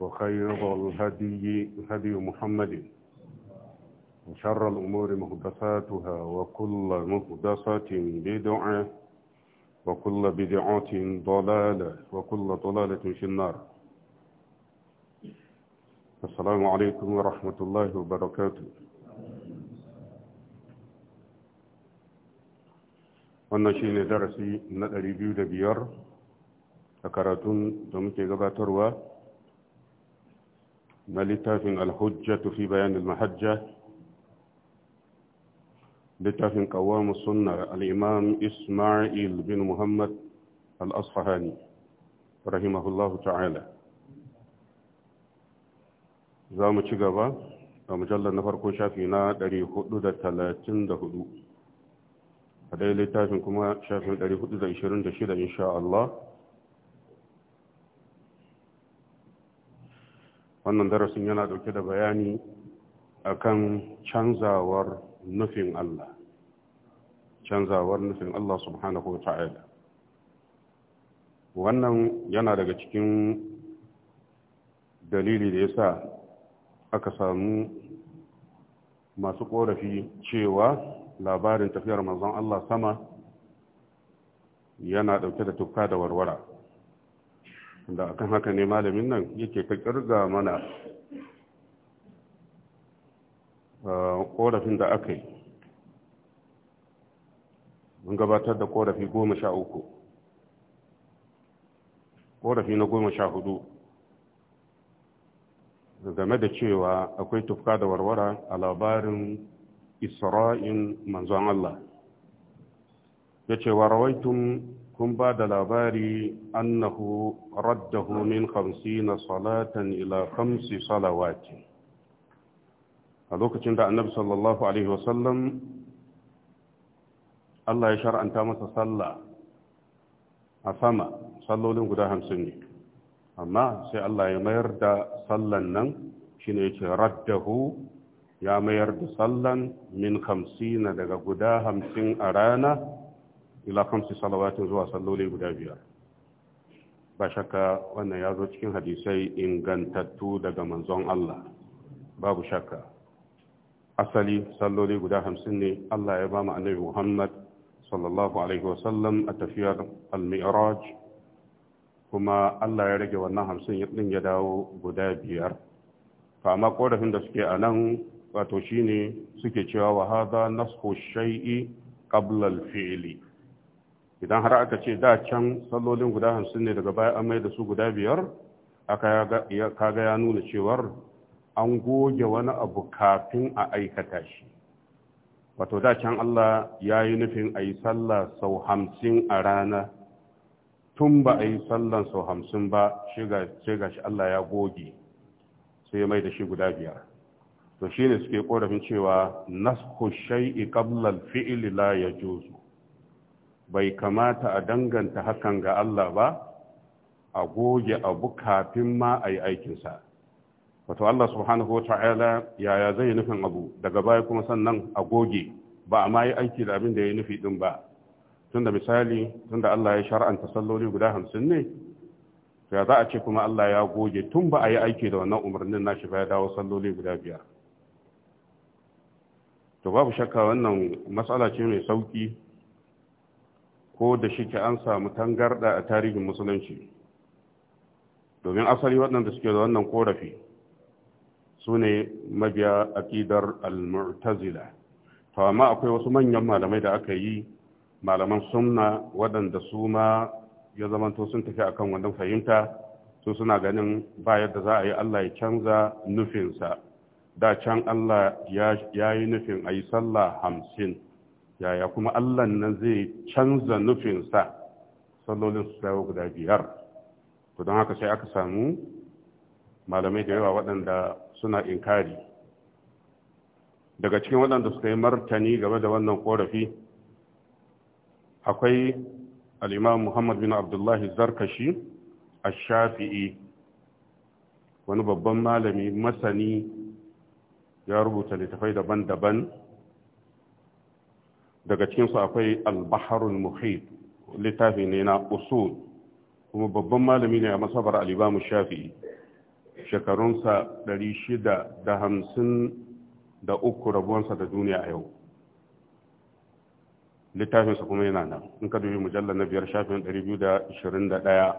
وخير الهدي هدي محمد وشر الأمور مهدساتها وكل مهدسة بدعة وكل بدعة ضلالة وكل ضلالة في النار السلام عليكم ورحمة الله وبركاته wannan shi ne darasi na 205 a karatun da muke gabatarwa na littafin alhujjatu fi bayanin mahajja littafin kawamu sunna al'imam ismail bin muhammad al'asfahani rahimahullahu ta'ala za mu ci gaba a mujallar na farko shafi na 434 a ɗaya littafin kuma shafin 426 insha Allah wannan darasin yana ɗauke da bayani akan canzawar nufin Allah canzawar nufin Allah subhanahu wa ta'ala wannan yana daga cikin dalili da ya sa aka samu masu ƙorafi cewa labarin tafiyar manzon Allah sama yana ɗauke da tukka da warwara da akan haka ne malamin nan yake ta kirga mana korafin ah, da aka yi mun gabatar da korafi goma sha uku korafi na goma sha hudu game da cewa akwai tufka da warwara a labarin isra'in manzon Allah ya ce wa rawaitun kun ba da labari annahu raddahu min na salatan ila khamsi salawati a lokacin da annabi sallallahu alaihi wasallam Allah ya shar'anta masa sallah a sama sallolin guda hamsin ne amma sai Allah ya mayar da sallan nan shine yake raddahu ya mayar da sallan min hamsina daga guda hamsin a rana ila kamsi salawatin zuwa salloli guda biyar ba shakka wannan ya zo cikin hadisai ingantattu daga manzon Allah babu shakka asali salloli guda hamsin ne Allah ya ba mu annabi Muhammad sallallahu alaihi wasallam a tafiyar al-mi'raj kuma Allah ya rage wannan hamsin din ya dawo guda biyar fa amma korafin da suke a nan wato shine suke cewa wa hadha nasxu shay'i qabla al-fi'li idan har aka ce da can sallolin guda hamsin ne daga baya an mai da su guda biyar aka kaga ya nuna cewar an goge wani abu kafin a aikata shi wato da can Allah ya yi nufin a yi sallah sau hamsin a rana tun ba a yi sallan sau hamsin ba sai ga shi Allah ya goge sai ya mai da shi guda biyar to shine suke korafin cewa nasu shai'i kablal al-fi'li ya bai kamata a danganta hakan ga Allah ba a goge abu kafin ma a yi aikinsa wato Allah subhanahu wa ta'ala yaya zai nufin abu daga baya kuma sannan a goge ba a ma yi aiki da abin da ya nufi ɗin ba tunda misali tunda Allah ya shar'anta salloli guda hamsin ne ya za a ce kuma Allah ya goge tun ba a yi aiki da wannan umarnin nashi ba ya dawo salloli guda biyar to babu shakka wannan matsala ce mai sauki ko da shi ke an samu tangarɗa a tarihin musulunci domin asali waɗanda suke da wannan korafi su ne mabiya aƙidar al-mu'tazila to amma akwai wasu manyan malamai da aka yi malaman sunna waɗanda su ma ya zamanto sun tafi akan wannan fahimta su suna ganin ba yadda za a yi Allah ya canza nufinsa da can Allah ya yi nufin a yi sallah hamsin yaya kuma Allah nan zai canza nufinsa sallolin su dawo guda biyar to don haka sai aka samu malamai da yawa waɗanda suna inkari daga cikin waɗanda suka yi martani game da wannan ƙorafi akwai al'imam muhammad bin abdullahi zarkashi a shafi'i wani babban malami masani ya rubuta littafai daban-daban daga cikinsu akwai al albaharul muhit littafi ne na usul kuma babban malami ne a masabar alibamu shafi'i shekarunsa uku rabuwansa da duniya a yau littafinsa kuma yana nan in ka dubi mujallar na biyar shafin 221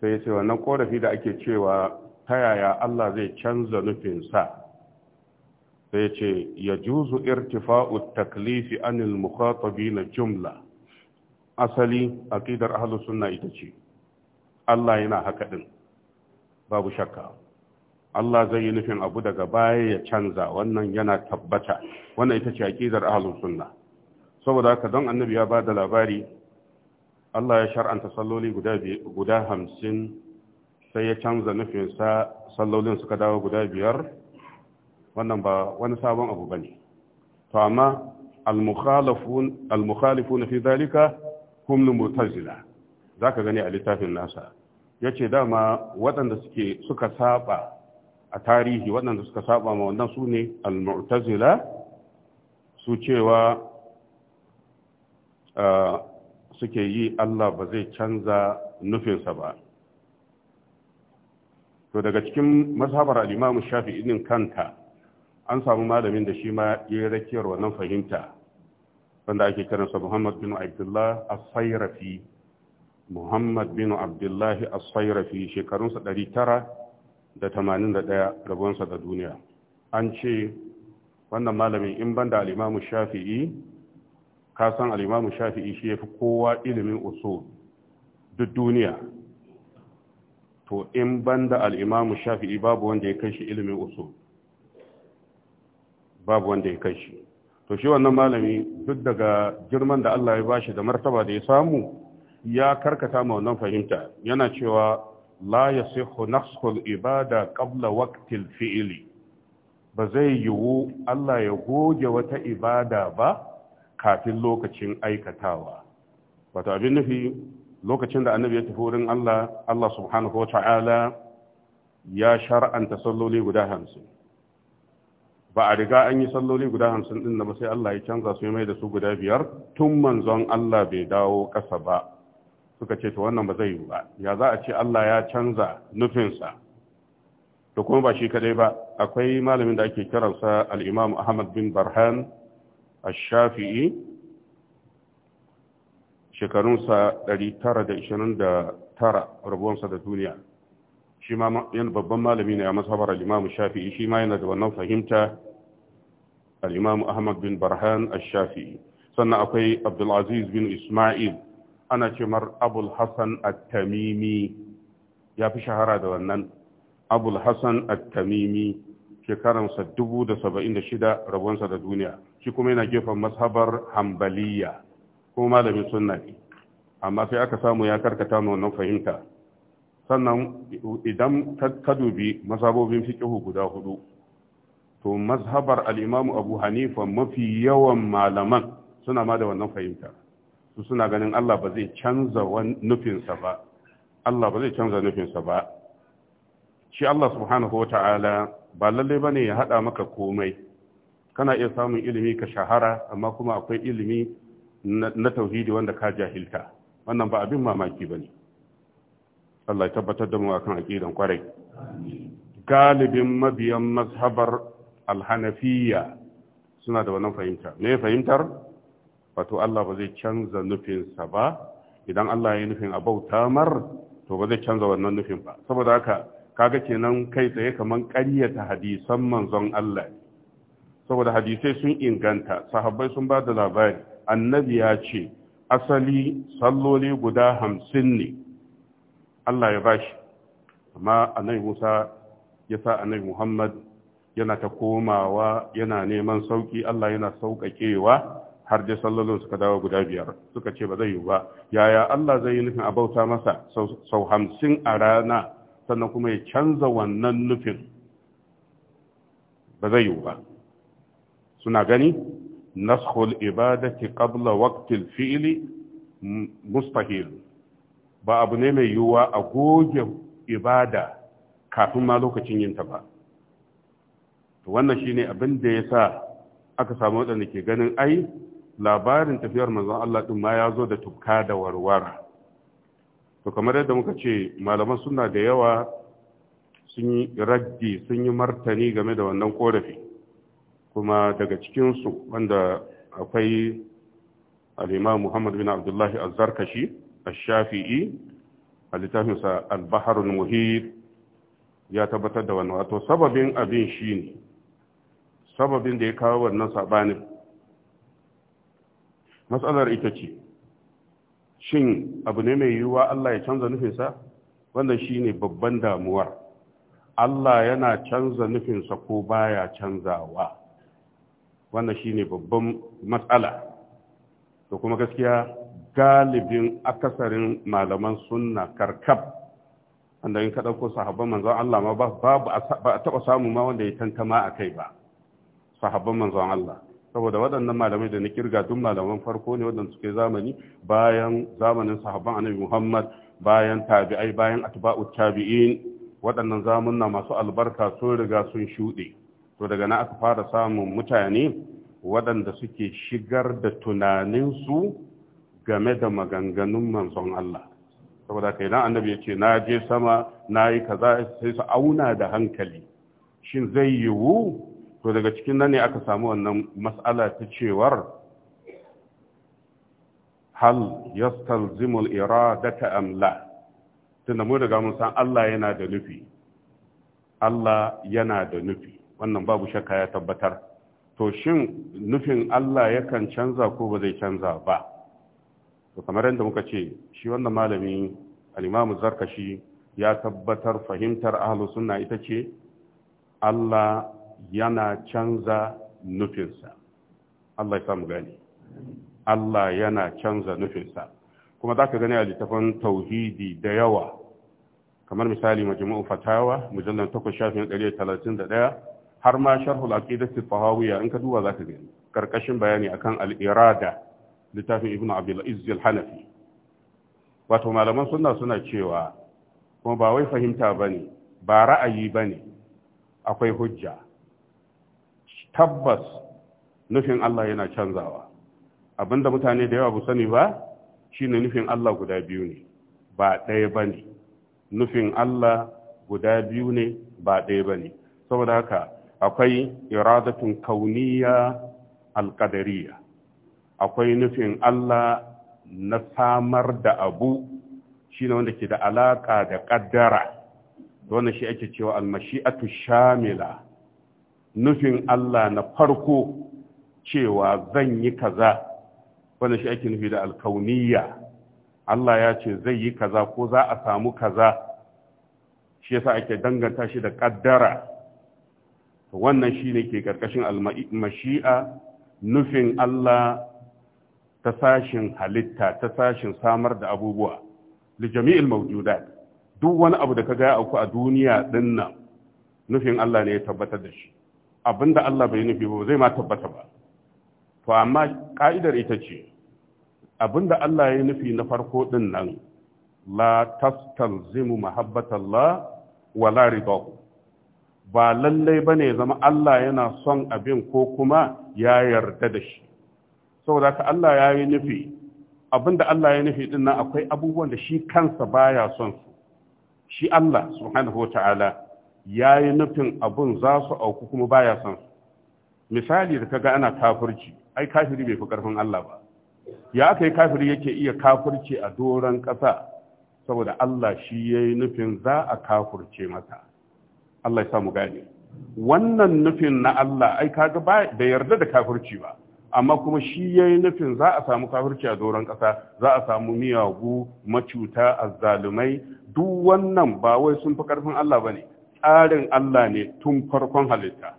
sai ya ce wannan korafi da ake cewa ta yaya Allah zai canza nufinsa sai ce ya juzu irtifa'u taklifi anil mukhatabi na jumla asali aqidar ahlus sunna ita ce Allah yana haka din babu shakka Allah zai yi nufin abu daga baya ya canza wannan yana tabbata wannan ita ce aqidar ahlus sunna saboda haka don annabi ya da labari Allah ya shar'anta salloli guda hamsin, sai ya canza nufinsa sallolin suka dawo guda biyar wannan ba wani sabon abu ba ne. to amma al mukhalifu na mukhalifun fi dhalika hum al za zaka gani a littafin nasa Ya ce, dama waɗanda suka saba a tarihi waɗanda suka saba ma wannan su ne al-mu'tazila su cewa suke yi Allah ba zai canza nufinsa ba to daga cikin mazhabar al shafi inin kanta an samu malamin da shi ma ya yi rakiyar wannan fahimta wanda ake kiransa muhammad bin abdullah as-sairafi muhammad bin abdullahi as-sairafi shekarunsa 981 rabuwansa da da duniya an ce wannan malamin in banda al'imamu shafi'i ka san al'imamu shafi'i shi ya fi kowa ilimin usul duk duniya to in banda al'imamu shafi'i babu wanda ya kai shi ilimin usul babu wanda ya kai shi to shi wannan malami duk daga girman da Allah ya bashi da martaba da ya samu ya karkata ma wannan fahimta yana cewa la yasihu nafsul ibada qabla waqtil fi'li ba zai yiwu Allah ya goge wata ibada ba kafin lokacin aikatawa wato abin nufi lokacin da annabi ya tafi wurin Allah Allah subhanahu wa ta'ala ya shar'anta salloli guda hamsin ba a riga an yi salloli guda hamsin din da ba sai Allah ya canza su mai da su guda biyar tun manzon Allah bai dawo ƙasa ba suka ce to wannan ba zai yi ba ya za a ce Allah ya canza nufinsa da kuma ba shi kadai ba akwai malamin da ake kiransa al-Imam Ahmad bin Barhan ash-Shafi'i shekarunsa 929 rabuwansa da duniya shi ma babban malami ne a masabar al-Imam Shafi'i shi ma yana da wannan fahimta al-imam ahmad bin barhan ash-shafi'i sannan akwai abdulaziz bin ismail ana ce mar abul at-tamimi ya fi shahara da wannan abul hassan at-tamimi shekaransa 76 rabonsa da duniya shi kuma yana gefen mashabar hambaliya ko malamin sunna ne amma sai aka samu ya karkata ma wannan fahimta sannan idan ka dubi masabobin fiƙihu guda huɗu. to mazhabar al'imamu abu hanifa mafi yawan malaman suna ma da wannan fahimta su suna ganin allah ba zai canza nufinsa ba allah ba zai canza nufinsa ba shi allah subhanahu wata'ala ta'ala ba lalle ba ne ya haɗa maka komai kana iya samun ilimi ka shahara amma kuma akwai ilimi na tauhidi wanda ka jahilta wannan ba abin mamaki ba ne allah ya tabbatar da mu akan aƙidan kwarai galibin mabiyan mazhabar alhanafiya suna da wannan fahimta me fahimtar wato Allah ba zai canza nufinsa ba idan Allah ya yi nufin a bauta mar to ba zai canza wannan nufin ba saboda haka kaga kenan kai tsaye kaman ƙaryata hadisan manzon Allah saboda hadisai sun inganta sahabbai sun ba da labari annabi ya ce asali salloli guda hamsin ne Allah ya bashi amma annabi Musa ya sa annabi Muhammad yana ta komawa yana neman sauki Allah yana sauƙaƙewa har da sallolin suka dawo guda biyar suka ce ba zai yi ba yaya Allah zai yi nufin a bauta masa sau hamsin a rana sannan kuma ya canza wannan nufin ba zai yi ba suna gani nashul ibadati qabla waqtil fi'li mustahil ba abu ne mai yiwuwa a goge ibada kafin ma lokacin yinta ba to wannan shine abin da ya sa aka samu waɗanda ke ganin ai labarin tafiyar manzon Allah ɗin ma ya zo da tukka da warwara to kamar yadda muka ce malaman suna da yawa sun yi raddi sun yi martani game da wannan korafi kuma daga cikinsu wanda akwai al'imam muhammad bin abdullahi azarkashi a shafi'i a littafinsa al-baharul muhir ya tabbatar da wannan wato sababin abin shi ne sababin da ya kawo wannan sabanin matsalar ita ce shin abu ne mai yiwuwa Allah ya canza nufinsa wannan ne babban damuwar Allah yana canza nufinsa ko baya canzawa wannan ne babban matsala to kuma gaskiya galibin akasarin malaman sunna karkab wanda in ka ɗauko sahabban manzon Allah ma ba a taɓa samu ma wanda ya tantama a kai ba sahabban manzon Allah saboda waɗannan malamai da na kirga duk malaman farko ne waɗanda suke zamani bayan zamanin sahabban annabi Muhammad bayan tabi'ai bayan atba'u tabi'in waɗannan zamunna masu albarka sun riga sun shuɗe to daga na aka fara samun mutane waɗanda suke shigar da tunaninsu game da maganganun manzon Allah saboda kai nan annabi ya ce na je sama na yi kaza sai su auna da hankali shin zai yiwu to daga cikin nan ne aka samu wannan mas'ala ta cewar hal yastalzimul iradata am la tunda mu daga mun san Allah yana da nufi Allah yana da nufi wannan babu shakka ya tabbatar to shin nufin Allah yakan canza ko ba zai canza ba to kamar yadda muka ce shi wannan malami al-Imam Zarkashi ya tabbatar fahimtar ahlus sunna ita ce Allah yana canza nufinsa Allah ya samu gani Allah yana canza nufinsa kuma za ka gani a littafin tauhidi da yawa kamar misali majmu'u fatawa mujallar takwas, shafin ɗaya. har ma sharhul aqidati tahawiyya in ka duba za ka gani karkashin bayani akan al da littafin Ibn abdul Izzil hanafi wato malaman suna suna cewa kuma ba wai fahimta ba ne, ba ra'ayi ba ne. akwai hujja tabbas nufin Allah yana canzawa abinda mutane da yawa bu sani ba shine nufin Allah guda biyu ne ba ɗaya ba ne nufin Allah guda biyu ne ba ɗaya ba ne saboda haka akwai iradatun kauniya alƙadariya akwai nufin Allah na samar da abu shine wanda ke da alaƙa da ƙaddara wannan shi ake cewa almashi'atu shamila nufin Allah na farko cewa zan yi kaza wanda shi ake nufi da alkauniyya Allah ya ce zai yi kaza ko za a samu kaza shi yasa ake danganta shi da kaddara wannan shi ne ke karkashin mashia nufin Allah ta sashin halitta ta sashin samar da abubuwa li jami'il mawjudat duk wani abu da ka ga auku a duniya dinnan nufin Allah ne ya tabbatar da shi abinda Allah bai nufi ba zai ma tabbata ba to amma ka'idar ita ce abinda Allah ya nufi na farko ɗin nan la tastalzimu mahabbatallah wala ridahu ba lallai ne zama Allah yana son abin ko kuma ya yarda da shi saboda ka Allah ya yi nufi da Allah ya nufi din nan akwai abubuwan da shi kansa baya son su shi Allah subhanahu wa ta'ala ya yi nufin abun za su auku kuma baya son su misali da kaga ana kafirci ai kafiri bai fi karfin Allah ba ya aka yi kafiri yake iya kafirci a doron ƙasa saboda Allah shi ya yi nufin za a kafirce mata. Allah ya samu gane wannan nufin na Allah ai kaga da yarda da kafirci ba amma kuma shi ya yi nufin za a samu kafirci a doron ƙasa za a samu miyagu macuta azzalumai duk wannan ba wai sun fi ƙarfin Allah ba ne tsarin Allah ne tun farkon halitta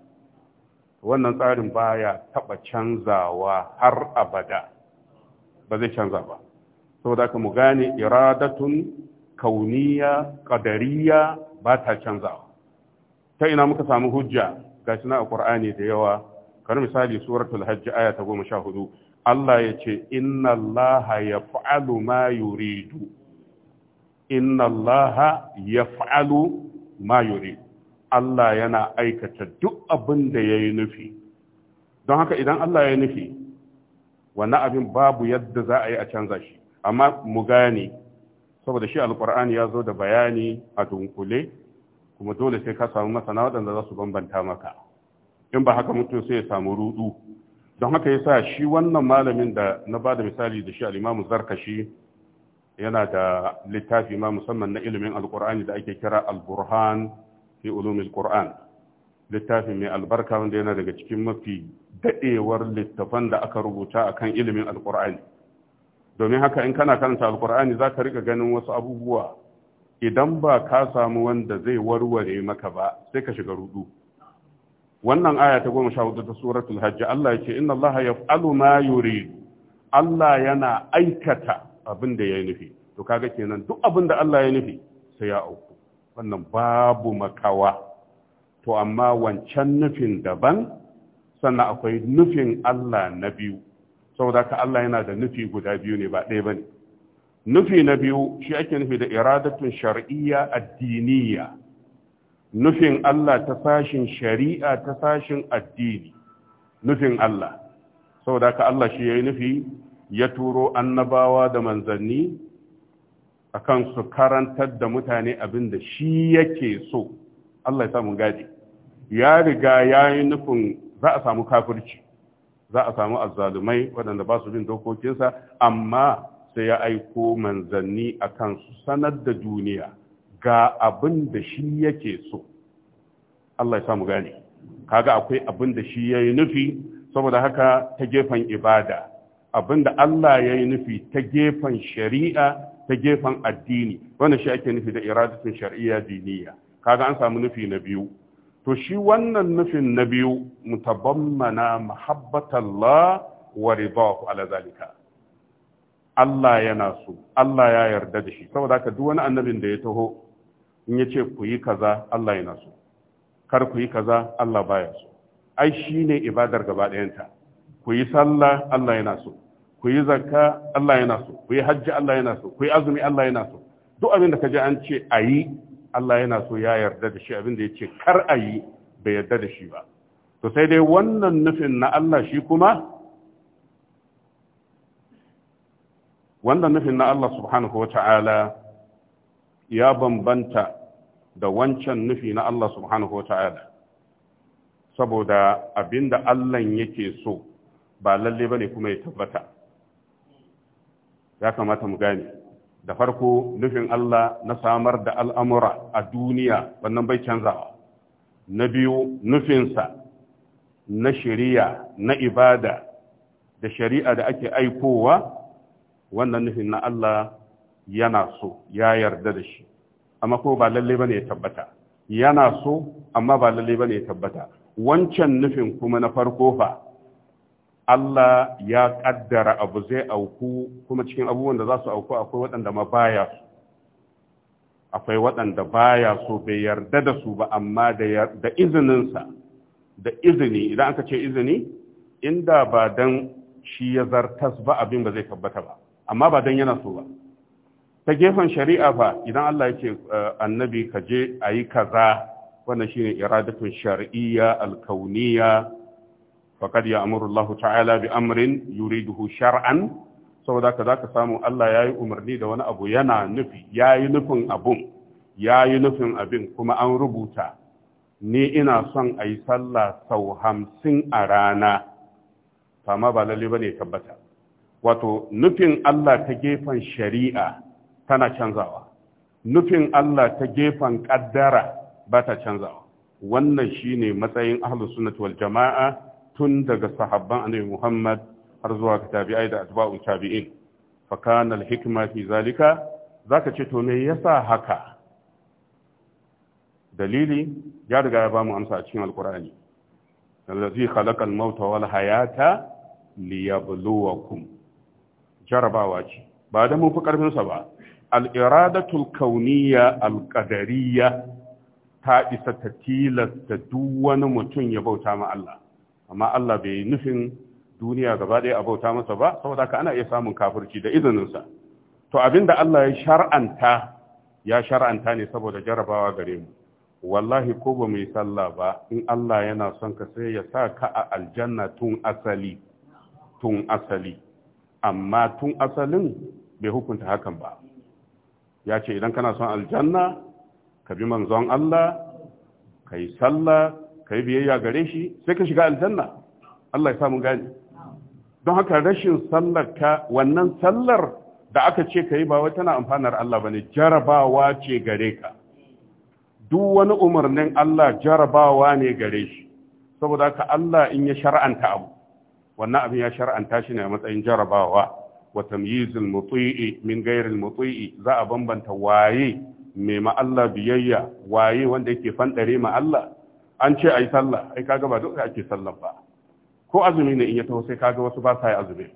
wannan tsarin baya taɓa canzawa har abada ba zai canza ba saboda haka mu gane iradatun kauniya ƙadariya ba ta canzawa ta ina muka samu hujja ga shi na ƙur'ani da yawa kamar misali suratul hajj aya ta goma sha hudu. Allah ya ce inna allaha fa’alu ma yuridu inna allaha fa’alu ma yuri Allah yana aikata duk abin da ya yi nufi don haka idan Allah ya yi nufi wani abin babu yadda za a yi a canza shi amma mu gane saboda shi alkur'ani ya zo da bayani a dunkule kuma dole sai ka samu masana waɗanda za su bambanta maka in ba haka mutum sai ya samu rudu don haka yasa shi wannan malamin da na bada misali da shi al'imamu zarkashi yana da littafi ma musamman na ilimin alkur'ani da ake kira alburhan fi ulumil qur'an littafin mai albarka wanda yana daga cikin mafi daɗewar littafan da aka rubuta akan ilimin alkur'ani domin haka in kana karanta alkur'ani za ka rika ganin wasu abubuwa idan ba ka samu wanda zai warware maka ba sai ka shiga rudu wannan aya ta goma sha hudu ta suratul hajji Allah ya ce inna Allah fi ma yurid Allah yana aikata abin da ya yi nufi to kaga kenan duk abin da Allah ya nufi sai ya auku wannan babu makawa to amma wancan nufin daban sannan akwai nufin Allah na biyu saboda ka Allah yana da nufi guda biyu ne ba ɗaya bane nufi na biyu shi ake nufi da iradatun shar'iyya addiniya nufin Allah ta sashin shari'a ta sashin addini nufin Allah saboda ka Allah shi yayi nufi ya turo annabawa da manzanni akan su karantar da mutane abin da shi yake so Allah ya samu gadi ya riga ya yi nufin za a samu kafirci za a samu azzalumai waɗanda ba su bin dokokinsa amma sai ya aiko manzanni akan su sanar da duniya ga abin da shi yake so Allah ya samu gani kaga akwai abin da shi ya yi nufi saboda haka ta gefen ibada abinda Allah ya yi nufi ta gefen shari'a ta gefen addini wanda shi ake nufi da iradatun shari'a diniya kaga an samu nufi na biyu to shi wannan nufin na biyu mutabammana mahabbatallah wa ridahu ala zalika Allah yana so Allah ya yarda da shi saboda haka duk wani annabin da ya taho in ya ce ku yi kaza Allah yana so kar ku yi kaza Allah baya so ai shine ibadar gaba ɗayanta ku yi sallah Allah yana so ku yi zakka Allah yana so ku yi hajji Allah yana so ku yi azumi Allah yana so duk abin da ka ji an ce a yi Allah yana so ya yarda da shi abin da ya ce kar a yi bai yarda da shi ba to sai dai wannan nufin na Allah shi kuma wannan nufin na Allah subhanahu wata'ala ya bambanta da wancan nufi na Allah subhanahu wata'ala saboda abinda Allah yake so ba lalle ba ne kuma ya tabbata ya kamata mu gane da farko nufin Allah na samar da al'amura a duniya wannan bai canzawa na biyu nufinsa na shari'a na ibada da shari'a da ake aikowa wannan nufin na Allah yana so ya yarda da shi amma ko ba lalle bane ya tabbata yana so amma ba lalle bane ya tabbata wancan nufin kuma na farko fa Allah ya ƙaddara abu zai auku kuma cikin abubuwan da za su auku akwai waɗanda ma baya su akwai waɗanda baya so bai yarda da su ba amma da izininsa da izini idan aka ce izini inda ba don shi ya zartas ba abin ba zai tabbata ba amma ba don yana so ba ta gefen shari'a ba idan Allah ya ce eh, annabi ka je a yi kaza wannan shine iradatun shar'iyya alkauniyya faqad ya'muru Allah ta'ala bi amrin yuriduhu shar'an saboda ka zaka samu Allah yayi umarni da wani abu yana nufi yayi nufin abun yayi nufin abin kuma an rubuta ni ina son a yi sallah sau hamsin a rana fama ba lalle ba ne tabbata wato nufin Allah ta gefen shari'a tana canzawa nufin Allah ta gefen ƙaddara ba ta canzawa wannan shine matsayin ahlus sunnati wal jama'a tun daga sahabban annabi Muhammad har zuwa ga tabi'ai da atba'u tabi'in fa kana al-hikma fi zalika zaka ce to me yasa haka dalili ya riga ya bamu amsa a cikin alqur'ani allazi khalaqa al-mauta wal hayata liyabluwakum jarabawa ce ba da mun fi karfin sa ba al-iradatul kauniyya al-qadariyya ta isa ta tilasta duk wani mutum ya bauta ma Allah amma Allah bai nufin duniya gaba ɗaya a bauta masa ba saboda haka ana iya samun kafirci da izininsa to abinda Allah ya shar'anta ya shar'anta ne saboda jarabawa gare mu wallahi ko ba mu yi sallah ba in Allah yana son ka sai ya sa ka a aljanna tun asali tun asali amma tun asalin bai hukunta hakan ba ya ce idan kana son aljanna ka bi manzon Allah ka yi sallah ka yi biyayya gare shi sai ka shiga aljanna Allah ya samu gani don haka rashin sallar ka wannan sallar da aka ce ka yi ba wai tana amfanar Allah bane jarabawa ce gare ka duk wani umarnin Allah jarabawa ne gare shi saboda haka Allah in ya shar'anta abu wannan abin ya shar'anta shi ne a matsayin jarabawa wa tamyizul muti'i min ghairil muti'i za a bambanta waye mai ma Allah biyayya waye wanda yake fandare ma Allah an ce a yi sallah ai kaga ba duka ake sallah ba ko azumi ne in ya taho sai kaga wasu ba sa yi azumi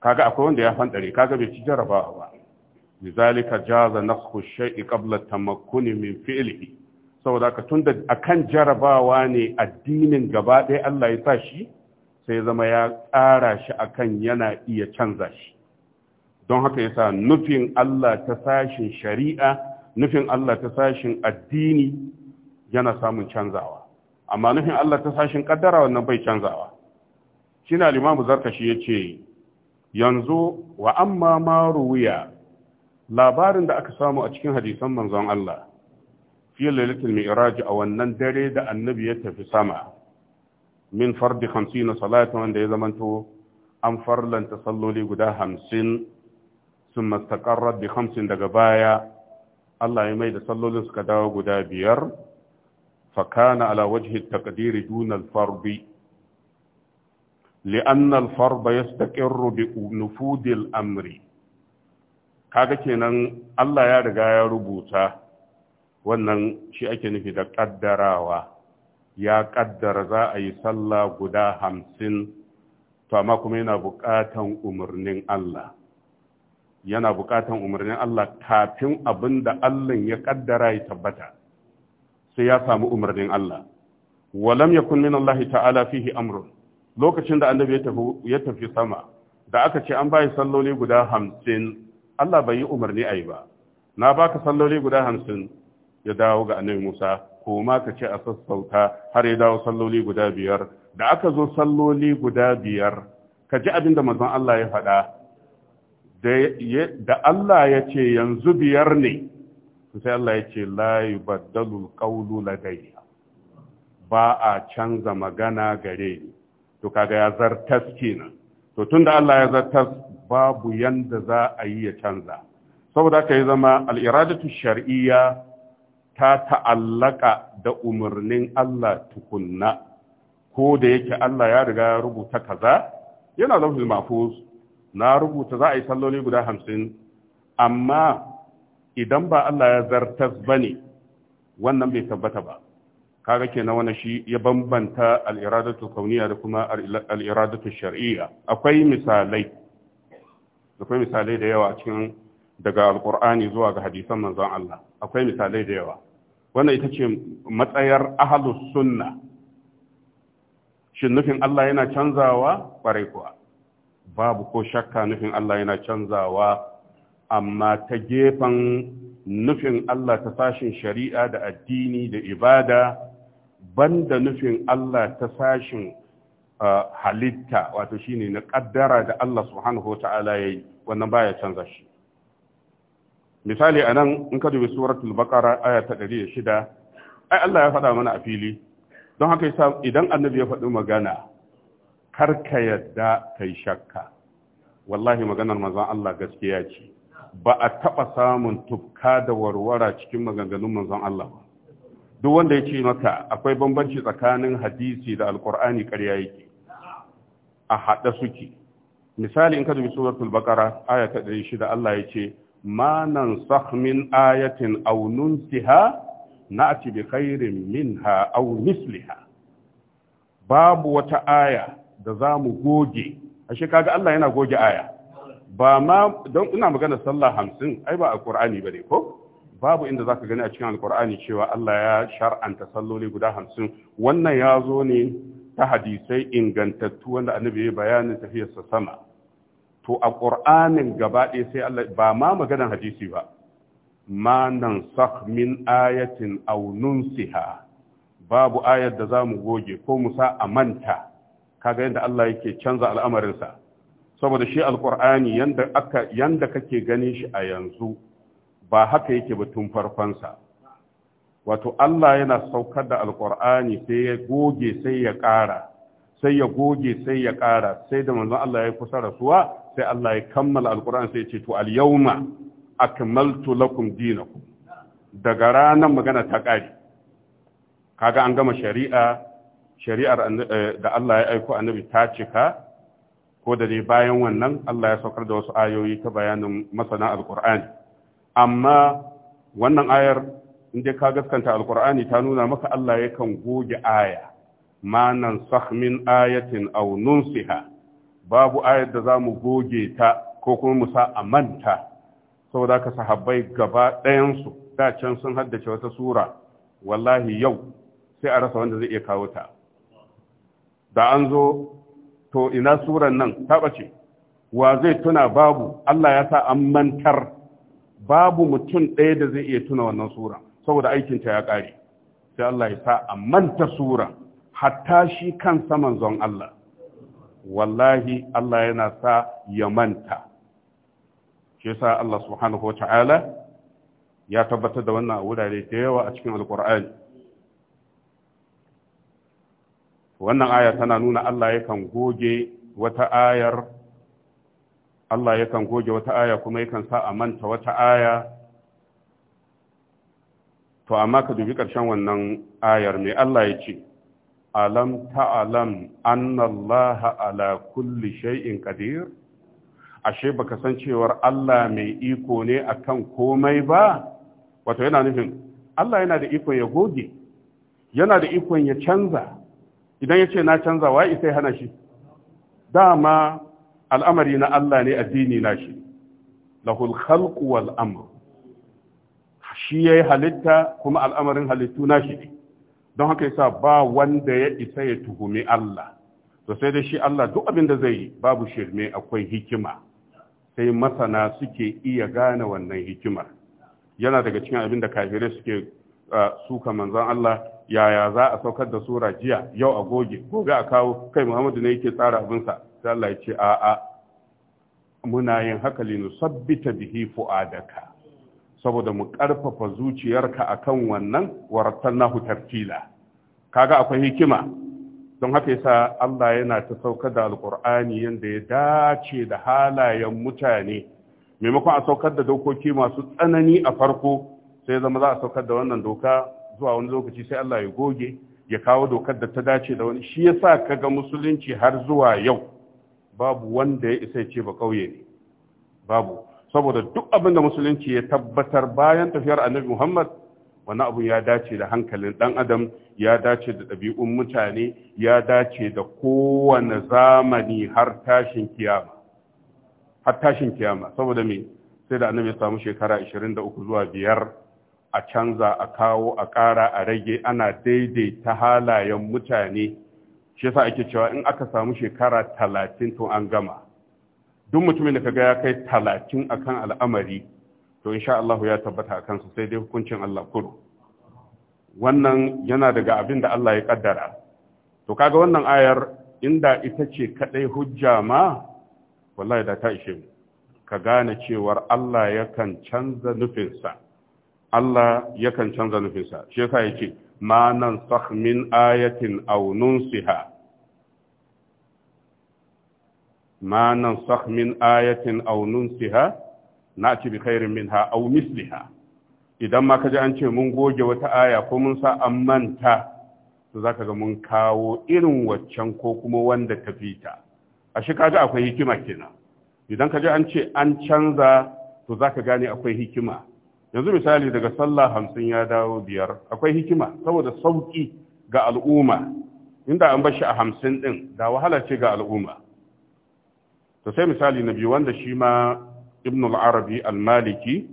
kaga akwai wanda ya fandare kaga bai ci jarabawa ba lizalika jaza nasxu shay'i qabla tamakkuni min fi'lihi saboda ka tunda akan jarabawa ne addinin gaba ɗaya Allah ya sa shi sai zama ya ƙara shi akan yana iya canza shi don haka yasa nufin Allah ta sashin shari'a nufin Allah ta sashin addini yana samun canzawa amma nufin Allah ta sashin kaddara wannan bai canzawa shine al-Imam Zarkashi yace yanzu wa amma ma ruwiya labarin da aka samu a cikin hadisan manzon Allah fi lailatul mi'raj a wannan dare da annabi ya tafi sama min fardi na Salatu wanda ya zamanto an farlanta salloli guda 50 sun istaqarrat bi 50 daga baya Allah ya mai da sallolin suka dawo guda biyar فكان على وجه التقدير دون الفرض لأن الفرض يستقر بنفوذ الأمر kaga kenan Allah ya riga ya rubuta wannan shi ake nufi da ƙaddarawa, ya ƙaddara za a yi sallah guda hamsin to amma kuma yana bukatan umarnin Allah yana bukatan umarnin Allah kafin abin da Allah ya ƙaddara ya tabbata sai ya samu umarnin Allah walam ya min Allah ta'ala fihi amrun lokacin da annabi ya tafi sama da aka ce an bai salloli guda hamsin Allah bai yi umarni a yi ba na baka salloli guda hamsin ya dawo ga annabi Musa ko ma ka ce a sassauta har ya dawo salloli guda biyar da aka zo salloli guda biyar ka ji abin da manzon Allah ya faɗa da Allah ya ce yanzu biyar ne sai Allah ya ce la yubaddalu qawlu ladayya ba a canza magana gare ni to kaga ya zartas kenan to tunda Allah ya zartas babu yanda za a yi ya canza saboda haka ya zama al-iradatu shar'iyya ta ta'allaka da umarnin Allah tukunna ko da yake Allah ya riga ya rubuta kaza yana lafzul mahfuz na rubuta za a yi salloli guda hamsin amma idan ba Allah ya zartas ne, wannan bai tabbata ba kaga na wani shi ya bambanta al'iradatu kauniya da kuma al'iradatu shari'a? akwai misalai akwai misalai da yawa cikin daga Alƙur'ani zuwa ga hadisan manzon Allah akwai misalai da yawa wannan ita ce matsayar ahalus sunna shin nufin Allah yana canzawa kwarai kuwa babu ko shakka nufin Allah yana canzawa amma ta gefen nufin Allah ta sashin shari'a da addini da ibada banda nufin Allah ta sashin uh, halitta wato shine na kaddara da Allah subhanahu wata'ala yayi wannan baya canza shi misali anan in ka dubi suratul baqara aya ta 106 ai Allah ya faɗa mana a fili don haka yasa idan annabi ya faɗi magana kar ka yadda kai shakka wallahi maganar manzon Allah gaskiya ce ba a taɓa samun tufka da warwara cikin maganganun manzon Allah ba duk wanda ya ce maka akwai bambanci tsakanin hadisi da alƙur'ani ƙarya yake a haɗa suke misali in ka dubi suratul baqara aya ta shida Allah ya ce ma nansakh min ayatin aw siha na'ti bi khairin minha aw misliha babu wata aya da zamu goge ashe kaga Allah yana goge aya ba ma don ina magana sallah hamsin ai ba a ƙur'ani ba ne ko babu inda za ka gani a cikin alƙur'ani cewa Allah ya shar'anta salloli guda hamsin wannan ya zo ne ta hadisai ingantattu wanda annabi ya bayanin tafiyarsa sama to a ƙur'anin gaba ɗaya sai Allah ba ma maganar hadisi ba ma nan min ayatin aw nunsiha babu ayar da za mu goge ko mu sa a manta kaga yadda Allah yake canza al'amarinsa saboda shi alkur'ani yanda kake ganin shi a yanzu ba haka yake ba tun farkonsa wato Allah yana saukar da alkur'ani sai ya goge sai ya ƙara sai ya goge sai ya ƙara sai da manzon Allah ya kusa rasuwa sai Allah ya kammala alkur'ani sai ya ce to al yawma akmaltu lakum dinakum daga ranar magana ta ƙari kaga an gama shari'a shari'ar eh, da Allah ya aiko annabi ta cika ko da dai bayan wannan Allah ya saukar da wasu ayoyi ta bayanin masana alkur'ani amma wannan ayar inda ka gaskanta alkur'ani ta nuna maka Allah yakan goge aya Manan sahmin ayatin aw nunsiha babu ayar da zamu goge ta ko kuma mu sa a manta saboda ka sahabbai gaba ɗayan su da can sun haddace wata sura wallahi yau sai a rasa wanda zai iya kawo ta da an zo to ina suran nan ta ɓace wa zai tuna babu Allah ya sa an mantar babu mutum ɗaya da zai iya tuna wannan sura saboda aikinta ya ƙare sai Allah ya sa a manta sura hatta shi kan saman zon Allah wallahi Allah yana sa ya manta shi sa Allah subhanahu wa ta'ala ya tabbatar da wannan a wurare da yawa a cikin alkur'ani wannan aya tana nuna Allah yakan goge wata ayar Allah yakan goge wata aya kuma yakan sa a manta wata aya to amma ka dubi ƙarshen wannan ayar mai Allah ya ce alam ta'alam annallaha ala kulli shay'in qadir ashe baka san cewar Allah mai iko ne akan komai ba wato yana nufin Allah yana da ikon ya goge yana da ikon ya canza idan ya ce na canza wa isa ya hana shi dama al'amari na Allah ne addini na shi lahul khalqu wal amr shi yayi halitta kuma al'amarin halittu na shi don haka yasa ba wanda ya isa ya tuhumi Allah to sai dai shi Allah duk abin da zai babu shirme akwai hikima sai masana suke iya gane wannan hikimar yana daga cikin abin da kafirai suke uh, suka manzon Allah yaya za a saukar da sura jiya yau a goge gobe a kawo kai muhammadu ne yake tsara abinsa sai Allah ya ce a'a muna yin haka linu sabbita bihi fu'adaka saboda mu karfafa zuciyarka akan wannan warattalnahu tartila kaga akwai hikima don haka yasa Allah yana ta saukar da alqur'ani yanda ya dace da halayen mutane maimakon a saukar da dokoki masu tsanani a farko sai zama za a saukar da wannan doka zuwa wani lokaci sai Allah ya goge ya kawo dokar da ta dace da wani shi yasa kaga musulunci har zuwa yau babu wanda ya isa ce ba kauye ne babu saboda duk abin da musulunci ya tabbatar bayan tafiyar annabi Muhammad wani abu ya dace da hankalin dan adam ya dace da ɗabi'un mutane ya dace da kowane zamani har tashin kiyama har tashin kiyama saboda me sai da annabi ya samu shekara 23 zuwa biyar a canza a kawo a ƙara a rage ana daidaita halayen mutane shi yasa ake cewa in aka samu shekara talatin to an gama duk mutumin da kaga ya kai talatin akan al'amari to insha Allah ya tabbata a kansu sai dai hukuncin Allah kuro wannan yana daga abin da Allah ya kaddara to kaga wannan ayar inda ita ce kadai hujja ma wallahi da ta ishe mu ka gane cewar Allah yakan canza nufinsa Allah yakan canza nufinsa shi yasa yake ma nan min ayatin aw nunsiha ma nan min ayatin aw nunsiha ci bi khairin minha aw misliha idan ma kaji an ce mun goge wata aya ko mun sa an manta to zaka ga mun kawo irin waccan ko kuma wanda ta fita ashe kaga akwai hikima kenan idan kaji an ce an canza to zaka gane akwai hikima yanzu misali daga sallah hamsin ya dawo biyar akwai hikima saboda sauƙi ga al'umma inda an bashi a hamsin ɗin da wahala ce ga al'umma to sai misali na biyu wanda shi ma ibn al-arabi al-maliki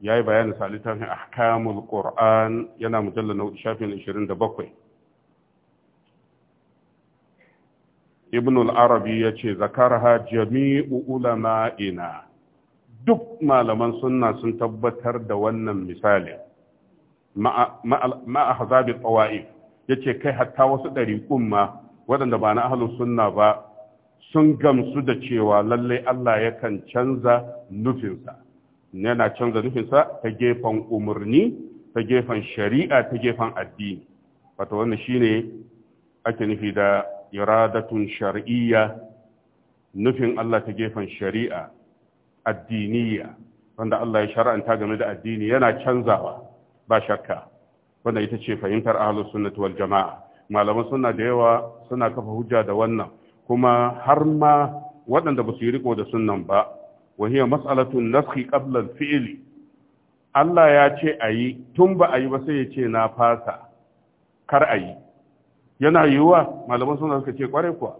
ya yi bayanin sa littafin ahkamul qur'an yana mujallar na shafin 27 ibn al-arabi ya ce zakarha jami'u ulama'ina duk malaman sunna sun tabbatar da wannan misali ma'a hazabi tsawa'if ya ce kai hatta wasu ɗari ma waɗanda ba na ahalin sunna ba sun gamsu da cewa lallai Allah yakan canza nufinsa yana canza nufinsa ta gefen umarni ta gefen shari'a ta gefen addini wato wannan shine ake nufi da iradatun shar'iyya nufin Allah ta gefen shari'a addiniya wanda Allah ya shar'anta game da addini yana canzawa ba shakka wanda ita ce fahimtar ahlus sunnati wal jama'a malaman suna da yawa suna kafa hujja da wannan kuma har ma waɗanda ba su yi riko da sunnan ba wa hiya mas'alatun naskhi qabla al-fi'li Allah ya ce ayi tun ba ayi ba sai ya ce na fasa kar ayi yana yiwuwa malaman sunna suka ce kware kuwa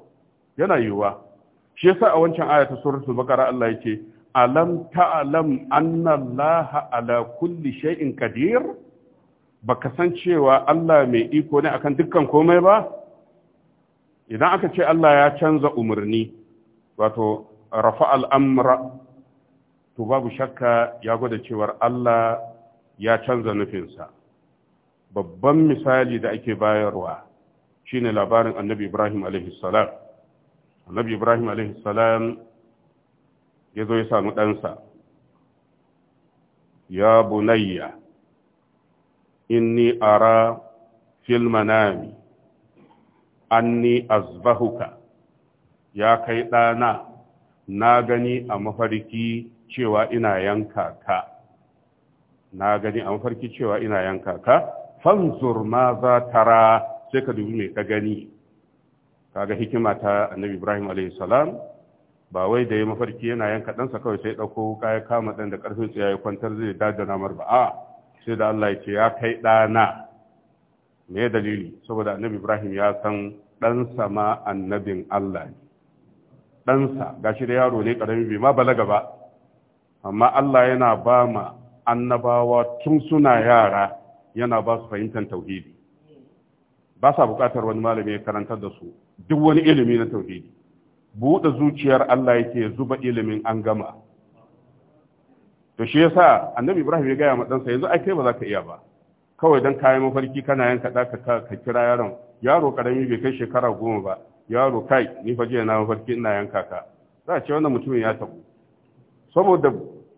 yana yiwuwa shi yasa a wancan ayatu ta suratul baqara Allah yake alam ta'alam anna Allah ala kulli shay'in kadir baka san cewa Allah mai iko ne akan dukkan komai ba idan aka ce Allah ya canza umarni wato rafa al'amra to babu shakka ya gwada cewar Allah ya canza nufinsa babban misali da ake bayarwa shine labarin annabi Ibrahim alaihi annabi Ibrahim alaihi ya zo ya samu ɗansa ya bunayya inni ara fil manami anni azbahuka ya kai ɗana na gani a mafarki cewa ina yanka ka na gani a mafarki cewa ina yanka ka fanzur ma za tara sai ka dubi mai ka gani kaga hikima ta annabi ibrahim alaihi salam ba wai da ya mafarki yana yanka ɗansa kawai sai ɗauko wuka ya kama ɗan da ƙarfin tsiya ya kwantar zai dada namar ba a sai da Allah ya ce ya kai ɗana me dalili saboda annabi Ibrahim ya san ɗansa ma annabin Allah ne ɗansa ga shi da yaro ne ƙarami bai ma balaga ba amma Allah yana ba ma annabawa tun suna yara yana ba su fahimtar tauhidi ba sa buƙatar wani malami ya karantar da su duk wani ilimi na tauhidi buɗe zuciyar Allah yake zuba ilimin an gama to shi yasa annabi Ibrahim ya gaya madansa yanzu ai kai ba za ka iya ba kawai dan kayan mafarki kana yanka da ka kira yaron yaro karami bai kai shekara goma ba yaro kai ni fa jiya na mafarki ina yanka ka za a ce wannan mutumin ya tabu saboda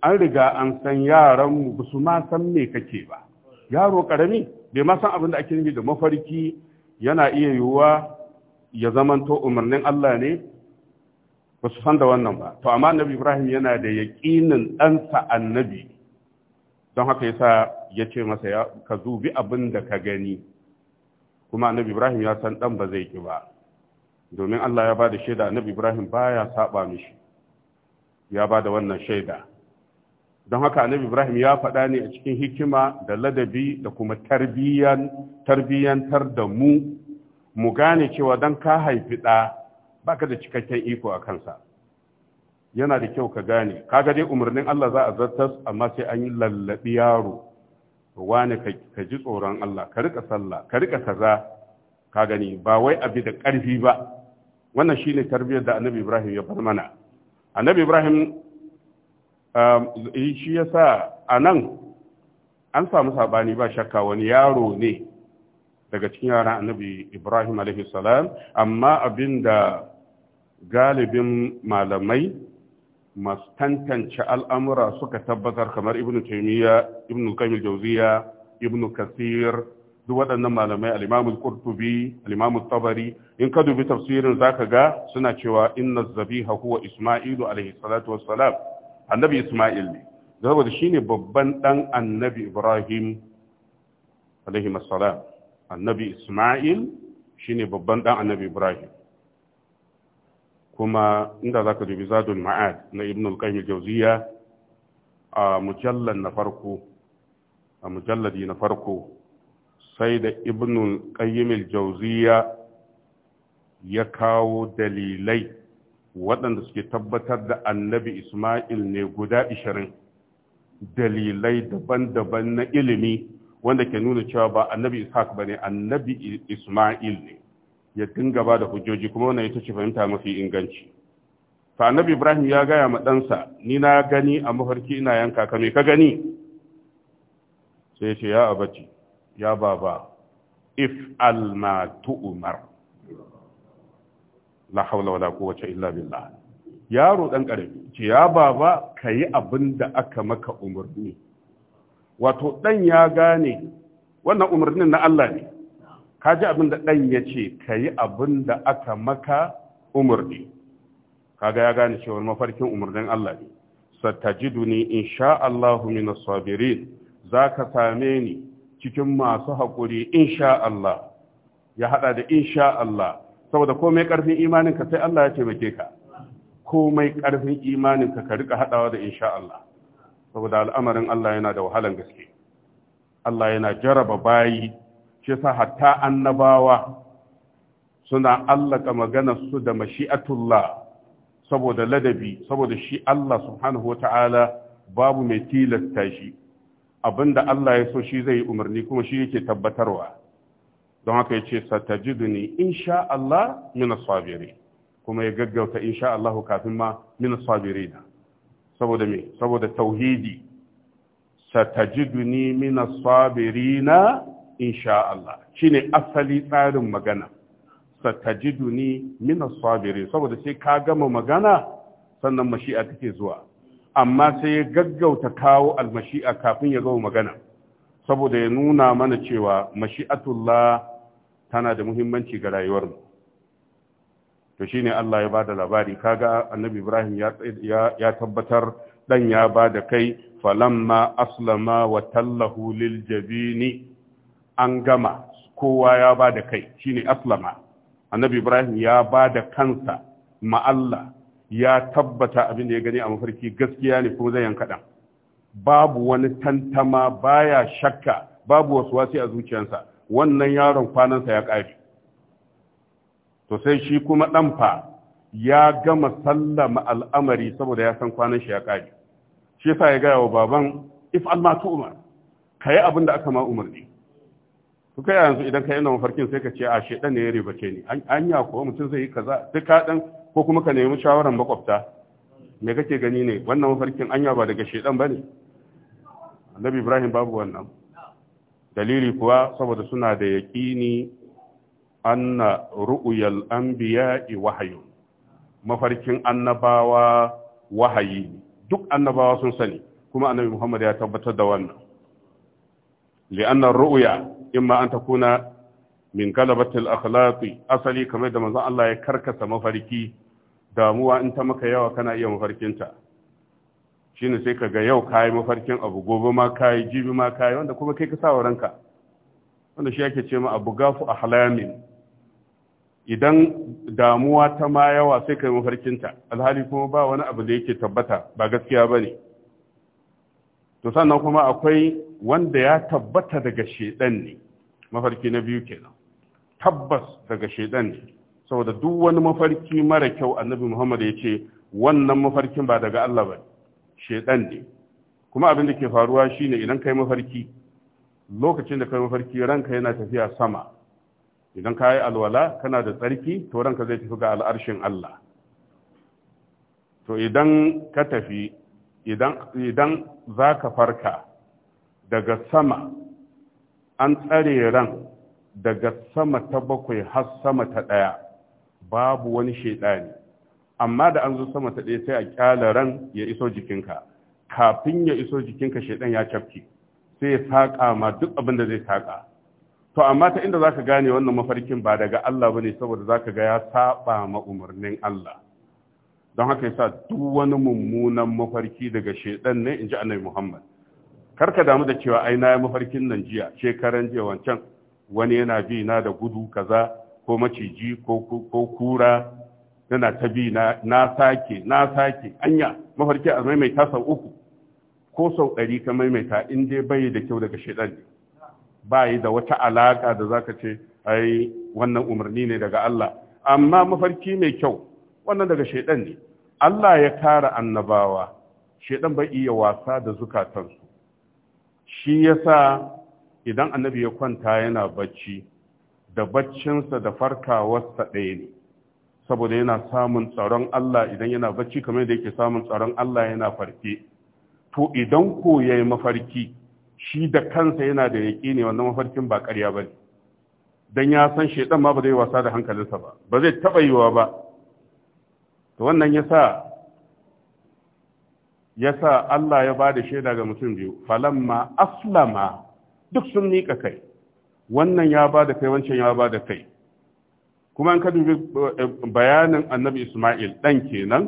an riga an san yaran mu ba su ma san me kake ba yaro karami bai ma san abin da ake nufi da mafarki yana iya yiwuwa ya zamanto umarnin Allah ne ba su san da wannan ba to amma annabi ibrahim yana da yaƙinin ɗansa annabi don haka yasa ya ce masa ka zubi abin da ka gani kuma annabi ibrahim ya san ɗan ba zai ki ba domin allah ya ba da shaida annabi ibrahim baya saba mishi ya ba da wannan shaida don haka annabi ibrahim ya faɗa ne a cikin hikima da ladabi da kuma tarbiyyantar da mu mu gane cewa don ka haifi ɗa baka da cikakken iko a kansa yana da kyau ka gane kaga dai umarnin Allah za a zartas amma sai an yi lallabi yaro wani ka ji tsoron Allah ka rika sallah ka rika kaza ka gani ba wai abi da ƙarfi ba wannan shine tarbiyyar da Annabi Ibrahim ya bar mana Annabi Ibrahim um, shi yasa anan an samu sabani ba shakka wani yaro ne daga cikin yaran annabi ibrahim salam amma abinda galibin malamai masu tantance al'amura suka tabbatar kamar ibn taimiyya ibn kamil jauziya ibn kasir duk waɗannan malamai alimamun kurtubi alimamun tabari in ka dubi tafsirin za ka ga suna cewa inna zabiha huwa ismailu alaihi salatu wassalam annabi ismail ne saboda shi ne babban ɗan annabi ibrahim alaihi salam annabi ismail shi ne babban ɗan annabi ibrahim kuma inda za ka dubi zadul ma'ad na ibn al-qayyim jawziya a mujallad na farko a mujalladi na farko sai da ibn al-qayyim jawziya ya kawo dalilai waɗanda suke tabbatar da annabi isma'il ne guda 20 dalilai daban-daban na ilimi wanda ke nuna cewa ba annabi ishaq bane annabi isma'il ne ya dinga ba da hujjoji kuma wannan ita ce fahimta mafi inganci fa annabi ibrahim ya gaya ma ɗansa ni na gani a mafarki ina yanka ka me ka gani sai ya ce ya abaci ya baba if al ma tu'mar la hawla wala quwwata illa billah yaro dan karami ce ya baba kayi abin da aka maka umarni wato dan ya gane wannan umarnin na Allah ne ka ji abin da ɗan ya ce ka yi abin da aka maka umarni kaga ya gane cewa mafarkin umarnin Allah ne sattajiduni insha Allahu min as za ka same ni cikin masu hakuri sha Allah ya haɗa da sha Allah saboda komai ƙarfin imanin ka sai Allah ya taimake ka komai ƙarfin imanin ka ka rika haɗawa da sha Allah saboda al'amarin Allah yana da wahalan gaske Allah yana jaraba bayi shi hatta annabawa suna allaka maganarsu da mashi'atullah saboda ladabi saboda shi Allah subhanahu wa ta'ala babu mai tilasta shi abinda Allah ya so shi zai umarni kuma shi yake tabbatarwa don haka yace satajiduni insha Allah min as kuma ya gaggauta insha Allah kafin ma min as-sabirin saboda me saboda tauhidi satajiduni min sabirina insha Allah ne asali tsarin magana satajiduni duni mina sabiri saboda sai ka gama magana sannan mashi'a take zuwa amma sai ya gaggauta kawo almashi'a kafin ya gama magana saboda ya nuna mana cewa mashi'atullah tana da muhimmanci ga rayuwarmu to shine Allah ya ba da labari kaga annabi Ibrahim ya tabbatar dan ya bada kai falamma aslama wa tallahu liljabini an gama kowa ya ba da kai shine aslama annabi ibrahim ya ba da kansa ma Allah ya tabbata abin da ya gani a mafarki gaskiya ne kuma zai yanka dan babu wani tantama baya shakka babu wasu wasi a zuciyarsa wannan yaron kwanansa ya kare. to sai shi kuma ɗan fa ya gama sallama al'amari saboda ya san kwanan shi ya kare. shi sa ya gaya wa baban if Allah ta umar ka yi abin da aka ma umarni to kai yanzu idan yi yana mafarkin sai ka ce a shedan ne ya ribace ni anya kuwa mutum zai yi kaza duk ka ko kuma ka nemi shawarar makwabta me kake gani ne wannan mafarkin anya ba daga ba ne? annabi ibrahim babu wannan dalili kuwa saboda suna da yaqini anna biya anbiya'i wahayi, mafarkin annabawa wahayi duk annabawa sun sani kuma annabi muhammad ya tabbatar da wannan li'anna ru'uya. ma an takuna min galabatil akhlaqi asali kamar da manzon Allah ya karkasa mafarki damuwa in ta maka yawa kana iya mafarkinta shine sai kaga yau kai mafarkin abu gobe ma kai jibi ma kai wanda kuma kai ka sa ranka wanda shi yake ce ma abu gafu ahlamin idan damuwa ta ma yawa sai kai mafarkinta alhali kuma ba wani abu da yake tabbata ba gaskiya ba ne. to sannan kuma akwai wanda ya tabbata daga shedan ne mafarki na biyu kenan tabbas daga shaidan ne saboda duk wani mafarki mara kyau annabi muhammad ya ce wannan mafarkin ba daga allah ba shaidan ne kuma abin da ke faruwa shine idan kai mafarki lokacin da kai mafarki ranka yana tafiya sama idan ka yi alwala kana da tsarki to ranka zai tafi ga al'arshin allah to idan ka tafi idan za ka farka daga sama an tsare ran daga sama ta bakwai har sama ta ɗaya babu wani shaidani amma da an zo sama ta ɗaya sai a kyala ran ya iso jikinka kafin ya iso jikinka shaidan ya cafke sai ya saƙa ma duk abin da zai saƙa to amma ta inda zaka gane wannan mafarkin ba daga Allah bane saboda zaka ga ya saba ma umarnin Allah don haka ya sa duk wani mummunan mafarki daga shaidan ne ji Annabi Muhammad karka damu da cewa ai na yi mafarkin nan jiya shekaran jiya wancan wani yana bi na da gudu kaza ko maciji ko kura yana ta bi na na sake na sake anya mafarki a maimaita sau uku ko sau ɗari ka maimaita in dai bai da kyau daga shaidan ne ba yi da wata alaka da zaka ce ai wannan umarni ne daga Allah amma mafarki mai kyau wannan daga shaidan ne Allah ya kara annabawa shaidan bai iya wasa da zukatansu shi ya sa idan annabi ya kwanta yana bacci da baccinsa da farkawarsa ɗaya ne saboda yana samun tsaron Allah idan yana bacci kamar da yake samun tsaron Allah yana farke to idan ko ya yi mafarki shi da kansa yana da yaƙi ne wannan mafarkin ba ƙarya ba ne don ya san shaidan ma ba zai wasa da hankalinsa ba ba zai taɓa yiwa ba to wannan ya sa yasa Allah ya bada shaida ga mutum biyu falamma aslama duk sun mika kai wannan ya bada kai wancan ya bada kai kuma an ka dubi eh, bayanin annabi Ismail dan kenan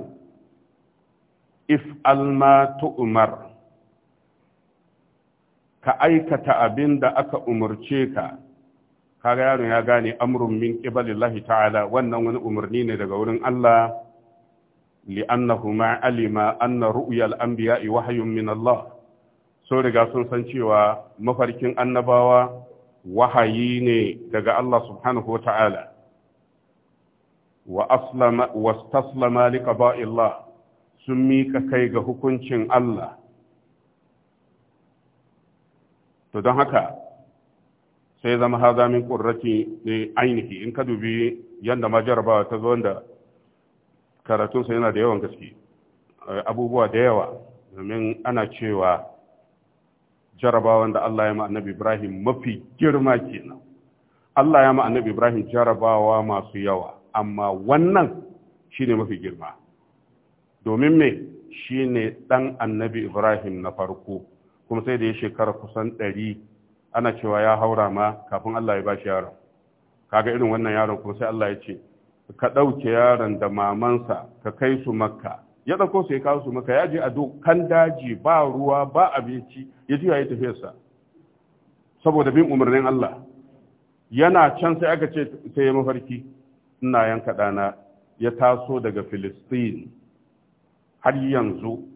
if alma tu'mar ka aikata abin da aka umarce ka kaga yaron ya gane amrun min qibalillahi ta'ala wannan wani umarni ne daga wurin Allah li'annahuma alima anna ru'yal anbiya'i wahyun min Allah so riga sun san cewa mafarkin annabawa wahayi ne daga Allah subhanahu wa ta'ala wa aslama wastaslama liqaba'illah sun mika kai ga hukuncin Allah to don haka sai zama haza min qurrati ainihi in ka dubi yanda majarabawa ta zo wanda Karatun karatunsa yana da yawan gaske eh, abubuwa da yawa domin ana cewa jarabawan da Allah ya ma annabi Ibrahim mafi girma kenan Allah ya ma annabi Ibrahim jarabawa masu yawa amma wannan shine mafi girma domin me shine dan annabi Ibrahim na farko kuma sai da ya shekara kusan ɗari ana cewa ya haura ma kafin Allah ya bashi shi yaron kaga irin wannan yaron kuma sai Allah ya ce ka ɗauke yaron da mamansa ka kai su makka ya ɗauko su ya kawo su makka ya je a dokan daji ba ruwa ba abinci ya ji ya tafiyarsa saboda bin umarnin Allah yana can sai aka ce sai ya mafarki ina yanka ɗana ya taso daga Filistin har yanzu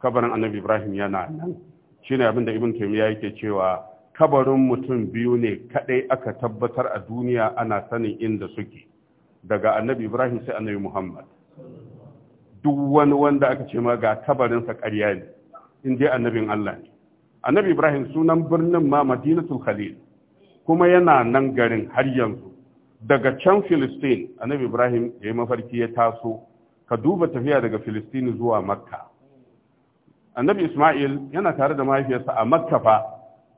kabarin annabi Ibrahim yana nan shi ne abin da Ibn Taymiyyah yake cewa kabarin mutum biyu ne kaɗai aka tabbatar a duniya ana sanin inda suke daga annabi ibrahim sai annabi muhammad duk wani wanda aka ce ma ga tabarinsa ƙarya ne in dai annabin allah ne annabi ibrahim sunan birnin ma madinatul khalil kuma yana nan garin har yanzu daga can filistin annabi ibrahim ya yi mafarki ya taso ka duba tafiya daga filistin zuwa makka annabi isma'il yana tare da mahaifiyarsa a makka fa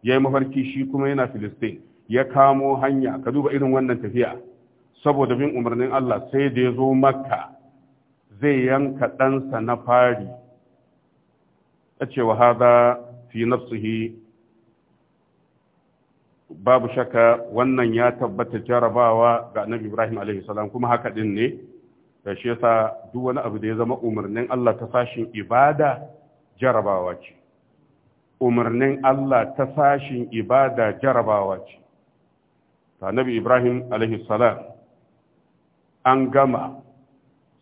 ya yi mafarki shi kuma yana filistin ya kamo hanya ka duba irin wannan tafiya saboda bin umarnin Allah sai da ya zo makka zai yanka ɗansa na fari ya ce wa haza fi nafsihi babu shakka wannan ya tabbata jarabawa ga annabi ibrahim alaihi salam kuma haka din ne da shi yasa duk wani abu da ya zama umarnin Allah ta sashin ibada jarabawa ce umarnin Allah ta sashin ibada jarabawa ce ta annabi ibrahim alaihi salam an gama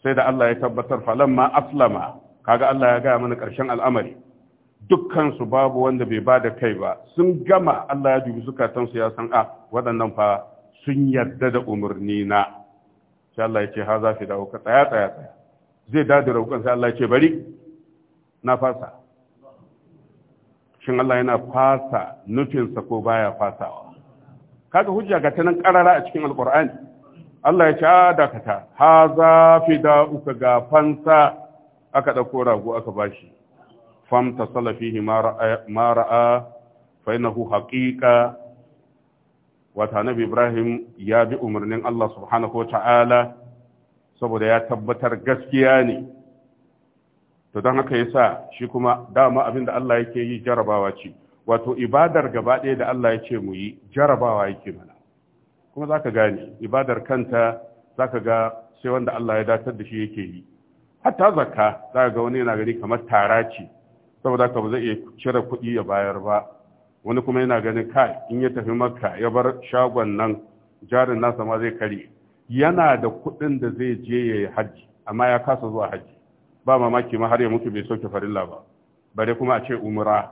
sai da Allah ya tabbatar ma aslama kaga Allah ya gaya mana ƙarshen al'amari dukkan su babu wanda bai ba da kai ba sun gama Allah ya dubi sukatansu ya san a ah, waɗannan fa sun yarda da umarni na sai Allah ya ce ha za fi dawo ka tsaya tsaya tsaya zai dadi raukan sai Allah ya ce bari na fasa shin Allah yana fasa nufinsa ko baya fasawa kaga hujja ga ta nan karara a cikin alqur'ani Allah ya ce a ah, dakata ha za fi da uka ga fansa aka ɗauko rago aka bashi famta salafihi mara'a na innahu wata annabi Ibrahim ya bi umarnin Allah subhanahu wa ta'ala saboda ya tabbatar gaskiya ne to don haka ya sa, shi kuma dama abin da Allah yake yi jarabawa ce wato ibadar gaba ɗaya da Allah ya ce mu yi jarabawa yake mana kuma za ka gane ibadar kanta za ka ga sai wanda Allah ya datar da shi yake yi hatta zaka, za ka ga wani yana gani kamar tara ce saboda ka ba zai iya cire kuɗi ya bayar ba wani kuma yana ganin kai in ya tafi maka ya bar shagon nan jarin nasa ma zai kare yana da kuɗin da zai je ya yi hajji amma ya kasa zuwa hajji ba mamaki ma har ya mutu bai sauke farilla ba bare kuma a ce umura.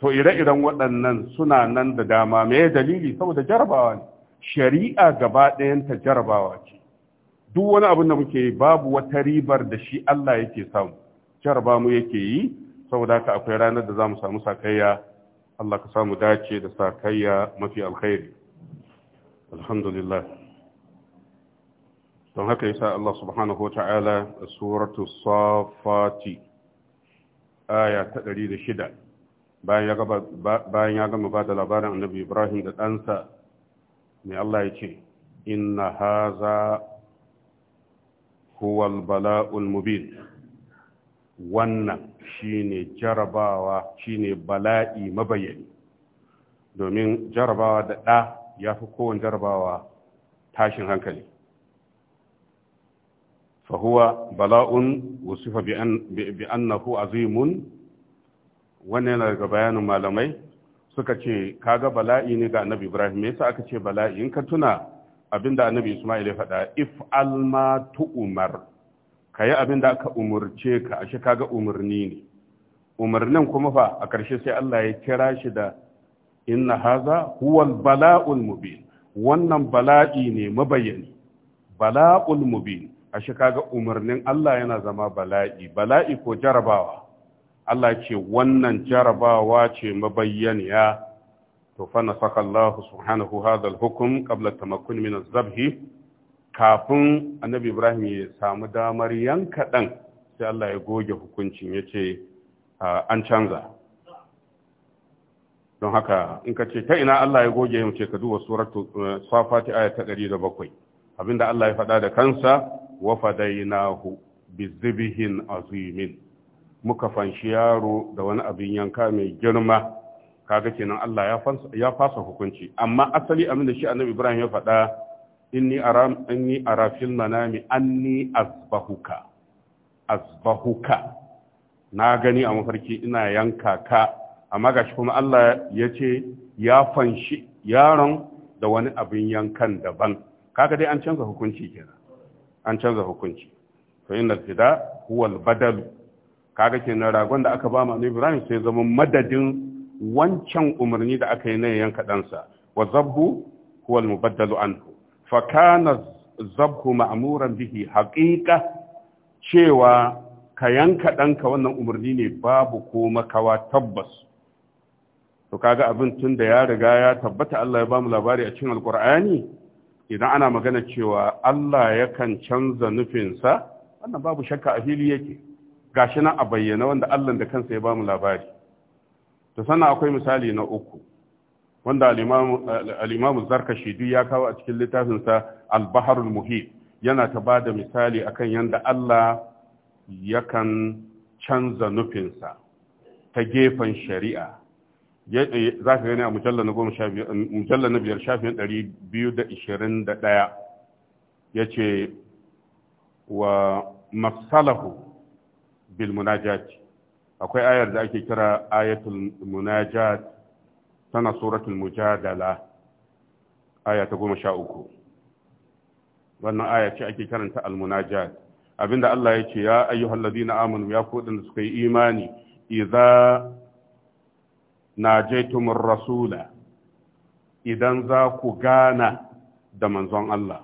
to ire-iren waɗannan suna nan da dama me dalili saboda jarabawa ne shari'a gaba ɗayan ta jarabawa ce duk wani abin da muke yi babu wata ribar da shi Allah yake samu jaraba mu yake yi saboda haka akwai ranar da zamu samu sakayya Allah ka samu dace da sakayya mafi alkhairi alhamdulillah don haka yasa Allah subhanahu wata'ala a suratu safati aya ta 106 bayan ya gama ba da labarin annabi Ibrahim da ɗansa mai Allah ya ce inna haza huwal bala'ul mubin wannan shine jarabawa shine bala'i mabayani domin jarabawa da ɗa ya fi kowane jarabawa tashin hankali fahuwa bala'un wasufa bi annahu azimun wannan yana daga bayanin malamai suka ce kaga bala'i ne ga annabi ibrahim yasa aka ce bala'i in ka tuna abinda annabi isma'il ya faɗa if alma tu'mar kayi abinda aka umurce ka ashe kaga umarni ne umarnin kuma fa a ƙarshe sai Allah ya kira shi da inna haza huwal bala'ul mubin wannan bala'i ne mabayyani bala'ul mubin ashe kaga umarnin Allah yana zama bala'i bala'i ko jarabawa Allah ce wannan jarabawa ce mabayyaniya to fa nasaka Allah subhanahu hadha al-hukm qabla tamakkun min az-zabh kafin annabi Ibrahim ya samu damar yanka dan sai Allah ya goge hukuncin yace an canza don haka in ka ce ta ina Allah ya goge mu ce ka duba suratu eh, safati aya ta 107 abinda Allah ya faɗa da kansa wa fadainahu bizbihin azimin muka fanshi yaro da wani abin yanka mai girma kaga kenan Allah ya fasa hukunci amma asali amin da shi annabi Ibrahim ya faɗa inni aram inni arafil manami anni azbahuka azbahuka na gani a mafarki ina yanka ka amma gashi kuma Allah ya ce ya fanshi yaron da wani abin yankan daban kaga dai an canza hukunci kenan an canza hukunci to innal fida huwal badal kaga kenan ragon da aka ba ma Ibrahim sai zama madadin wancan umarni da aka yi na yanka ɗansa wa zabbu huwa al-mubaddalu anhu fa kana zabhu ma'muran bihi haqiqa cewa ka yanka ɗanka wannan umarni ne babu ko makawa tabbas to kaga abin tun da ya riga ya tabbata Allah ya bamu labari a cikin alkur'ani idan ana magana cewa Allah yakan canza nufinsa wannan babu shakka a fili yake gashi nan a bayyana wanda Allah da kansa ya ba mu labari to sannan akwai misali na uku wanda al-Imam Zarkashi duk ya kawo a cikin littafinsa sa al Muhit yana ta bada misali akan yanda Allah yakan canza nufinsa ta gefen shari'a za ka gani a mujallar na biyar shafin 221 ya ce wa mafsalahu bil munajat akwai ayar da ake kira ayatul munajat tana suratul mujadala aya ta goma sha uku wannan aya ce ake karanta al munajat abinda Allah ya ce ya ayyuhal ladina amanu ya ku da suka yi imani idza najaitumur rasula idan za ku gana da manzon Allah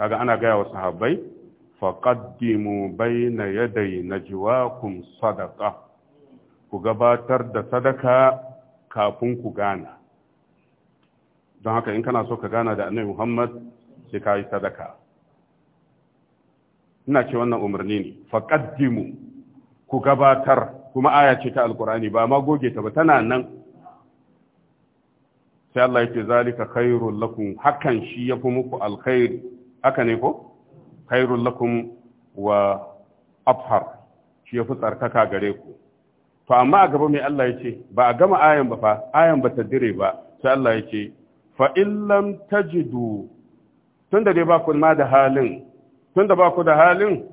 kaga ana gaya wa sahabbai faƙaddimu na yadai jiwakun sadaka ku gabatar da sadaka kafin ku gana don haka in kana so ka gana da annabi Muhammad sai ka yi sadaka ina ce wannan umarni ne faƙaddimu ku gabatar kuma aya ce ta alkur'ani ba ma goge ta ba tana nan sai Allah yake zalika khairul lakum hakan shi yafi muku alkhairi haka ne ko khairul lakum wa afhar shi yafi tsarkaka gare ku to amma a gaba mai Allah yace ba a gama ayan ba fa ayan ba ta dire ba sai Allah yace fa in tajidu tunda dai ba ku ma da halin tunda ba ku da halin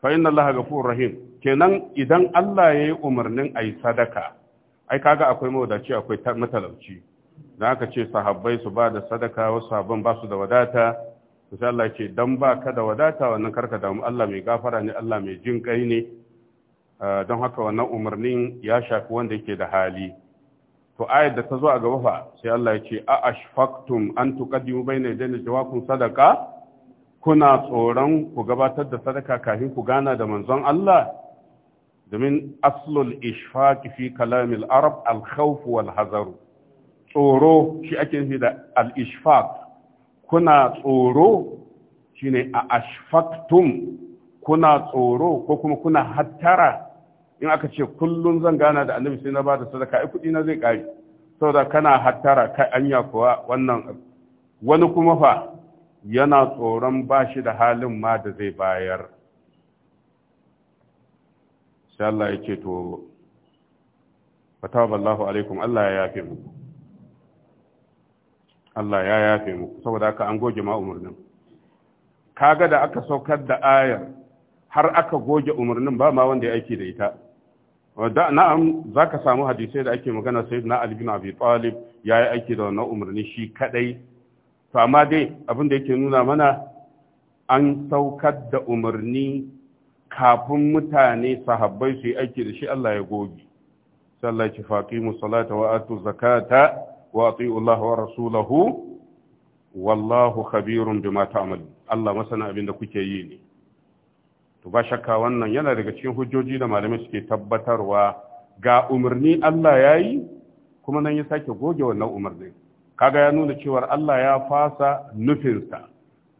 fa inna Allah ghafurur rahim kenan idan Allah ya yi umarnin a yi sadaka ai kaga akwai mawadaci akwai matalauci da aka ce sahabbai su ba da sadaka wasu sahabban ba su da wadata sai Allah ce dan ba ka da wadata wannan karka damu Allah mai gafara ne Allah mai jin kai ne ah, don haka wannan umarnin ya shafi wanda yake da hali to ayat da ta zo a gaba fa sai Allah ya ce a ashfaqtum an tuqaddimu bayna yadayna jawakum sadaqa kuna tsoron ku gabatar da sadaka kafin ku gana da manzon Allah domin aslul ishfaq fi kalamil arab al khawf wal hazar tsoro shi ake nufi da al ishfaq kuna tsoro shine a ashfaktum kuna tsoro ko kuma kuna hattara in aka ce kullum zan gana da annabi sai na ba da sadaka ai kudi na zai ƙare saboda kana hattara kai anya kuwa wannan wani kuma fa yana tsoron bashi da halin ma da zai bayar sai Allah ya to fatawa alaikum Allah ya yafe muku Allah ya yafe mu saboda haka an goge ma umarnin kaga da aka saukar da ayar har aka goge umarnin ba ma wanda ya aiki da ita wadda na'am zaka samu hadisai da ake magana na Ali bin Abi Talib yayi aiki da wannan umarni shi kadai to amma dai abin da yake nuna mana an saukar da umarni kafin mutane sahabbai su yi aiki da shi Allah ya goge sallaci faqimu salata wa atu zakata واطيعوا الله ورسوله والله خبير بما تعمل الله مسنا abin da kuke yi ne to ba shakka wannan yana daga cikin hujjoji da malamai suke tabbatarwa ga umarni Allah yayi kuma nan ya sake goge wannan umarni kaga ya nuna cewa Allah ya fasa nufinsa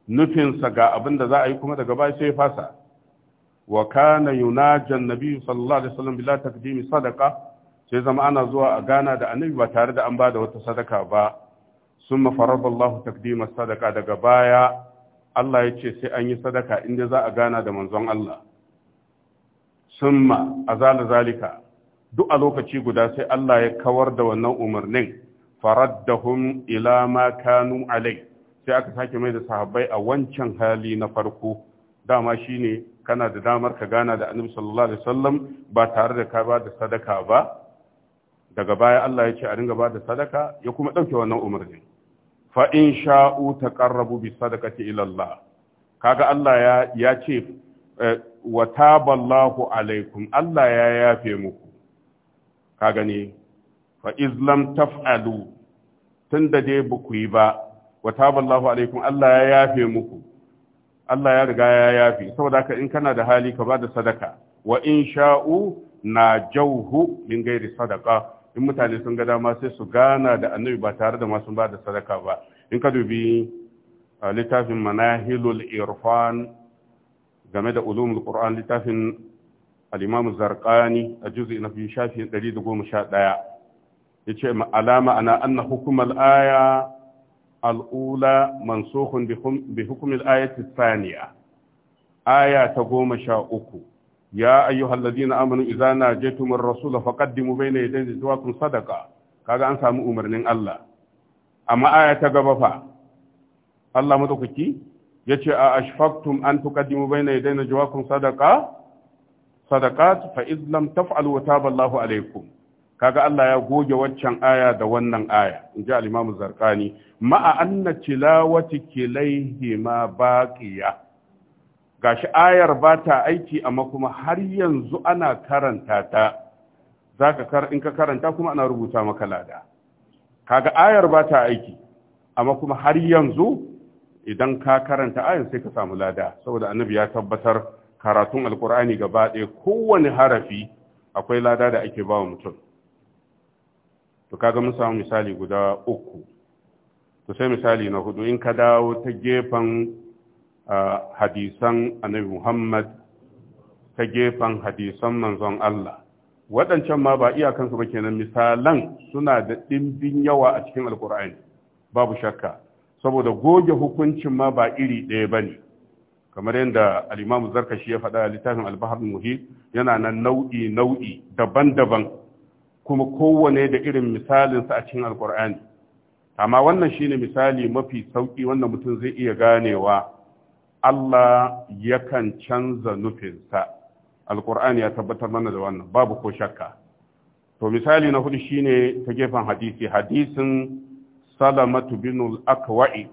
nufinsa ga abin da za a yi kuma daga baya sai ya fasa wa kana yunajan nabiyyu sallallahu alaihi wasallam bila taqdimi sadaqa sai zama ana zuwa a gana da annabi ba tare da an ba da wata sadaka ba sun mafarar Allah takdima sadaka daga baya Allah ya ce sai an yi sadaka inda za a gana da manzon Allah sun ma a zala zalika duk a lokaci guda sai Allah ya kawar da wannan umarnin faraddahum ila ma kanu alai sai aka sake mai da sahabbai a wancan hali na farko dama shine kana da damar ka gana da annabi sallallahu alaihi wasallam ba tare da ka ba da sadaka ba daga baya Allah ya ce a dinga bada sadaka ya kuma ɗauke wannan umarnin fa in sha'u taqarrabu bi sadaqati ila Allah kaga Allah ya ya ce eh, wa taballahu alaikum Allah ya yafe muku kaga ne fa iz lam taf'alu tunda dai ba ku yi ba wa taballahu alaikum Allah ya yafe muku Allah ya riga ya yafe saboda haka in kana da hali ka bada sadaka wa in sha'u na jauhu min gairi sadaka in mutane sun ga dama sai su gana da annabi ba tare da masu ba da sadaka ba in ka dubi littafin manahilul irfan game da ulumul qur'an littafin al-imam zarqani a juz'i na biyu shafi 111 yace alama ana anna hukumal aya al'ula mansukhun bi hukmi al-ayati thaniya aya ta goma sha uku ya ayyuhal ladina amanu idza najaytum ar-rasul faqaddimu bayna yaday zawqum sadaqa kaga an samu umarnin Allah amma aya ta gaba fa Allah madaukaki yace a ashfaqtum an tuqaddimu bayna yaday zawqum sadaqa sadaqat fa id lam taf'alu wa taba Allahu alaykum kaga Allah ya goge waccan aya da wannan aya inji al-Imam Zarqani ma'a anna tilawati kilayhima baƙiya. gashi ayar ba ta aiki amma kuma har yanzu ana karanta ta za in ka karanta kuma ana rubuta maka lada kaga ayar ba ta aiki amma kuma har yanzu idan ka karanta ayar sai ka samu lada saboda annabi ya tabbatar karatun alkur'ani gaba ɗaya kowane harafi akwai lada da ake ba wa mutum to kaga mun samu misali guda uku to sai misali na hudu in ka dawo ta gefen hadisan annabi Muhammad ta gefen hadisan manzon Allah waɗancan ma ba iyakansu ba kenan misalan suna da ɗimbin yawa a cikin alkur'ani babu shakka saboda goge hukuncin ma ba iri ɗaya ba ne kamar yadda alimamu zarkashi ya faɗa a littafin albahar muhi yana nan nau'i nau'i daban-daban kuma kowane da irin misalinsa a cikin alkur'ani amma wannan shine misali mafi sauƙi wanda mutum zai iya ganewa Allah yakan canza nufinsa alkur'ani ya tabbatar mana da wannan babu ko shakka to misali na hudu shine ta gefen hadisi hadisin salamatu bin akwai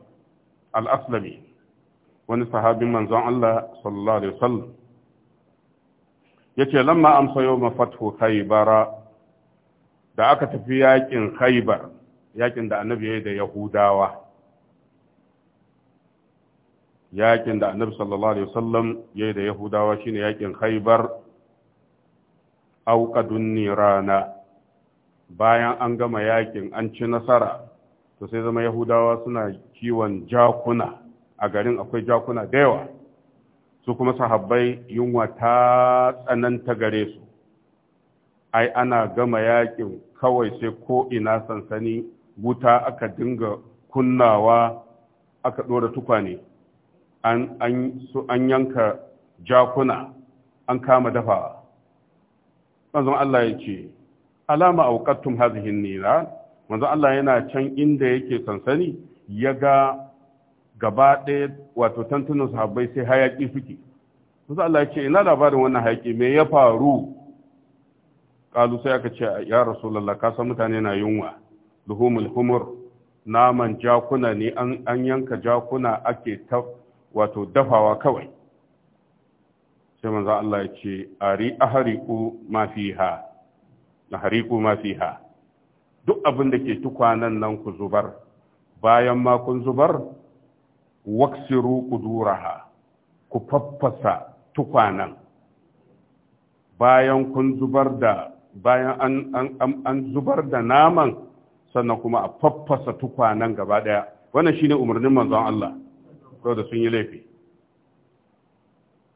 al-aslami wani sahabin manzon Allah sallallahu alaihi wasallam yace lamma amsa yawma fathu haibara, da aka tafi yakin haibar yakin da annabi ya da yahudawa Yaƙin da annabi sallallahu alaihi wasallam yayi da yahudawa shine yaƙin khaybar auqadun nirana bayan an gama yaƙin, an ci nasara to sai zama yahudawa suna kiwon jakuna a garin akwai jakuna da yawa su kuma sahabbai yunwa ta tsananta gare su ai ana gama yaƙin kawai sai ko ina sansani wuta aka dinga kunnawa aka ɗora tukwane an yanka jakuna an kama dafa manzon Allah ya ce alama a wukattun hazihin nira manzon Allah yana can inda yake sansani ya ga gaba ɗaya wato tantunan sahabbai sai hayaƙi suke manzon Allah ya ce ina labarin wannan hayaƙi mai ya faru ƙalu sai aka ce ya rasulullah ka san mutane na yunwa luhumul humur naman jakuna ne an yanka jakuna ake wato dafawa kawai sai manzo Allah ya ce ari ahriqu ma fiha ahriqu ma fiha duk abin da ke tukwanan nan ku zubar bayan ma kun zubar waksiru quduraha ku faffasa tukwanan bayan kun zubar da bayan an, an, an, an zubar da naman sannan kuma a faffasa tukwanan gaba daya wannan shine umarnin manzon Allah da sun yi laifi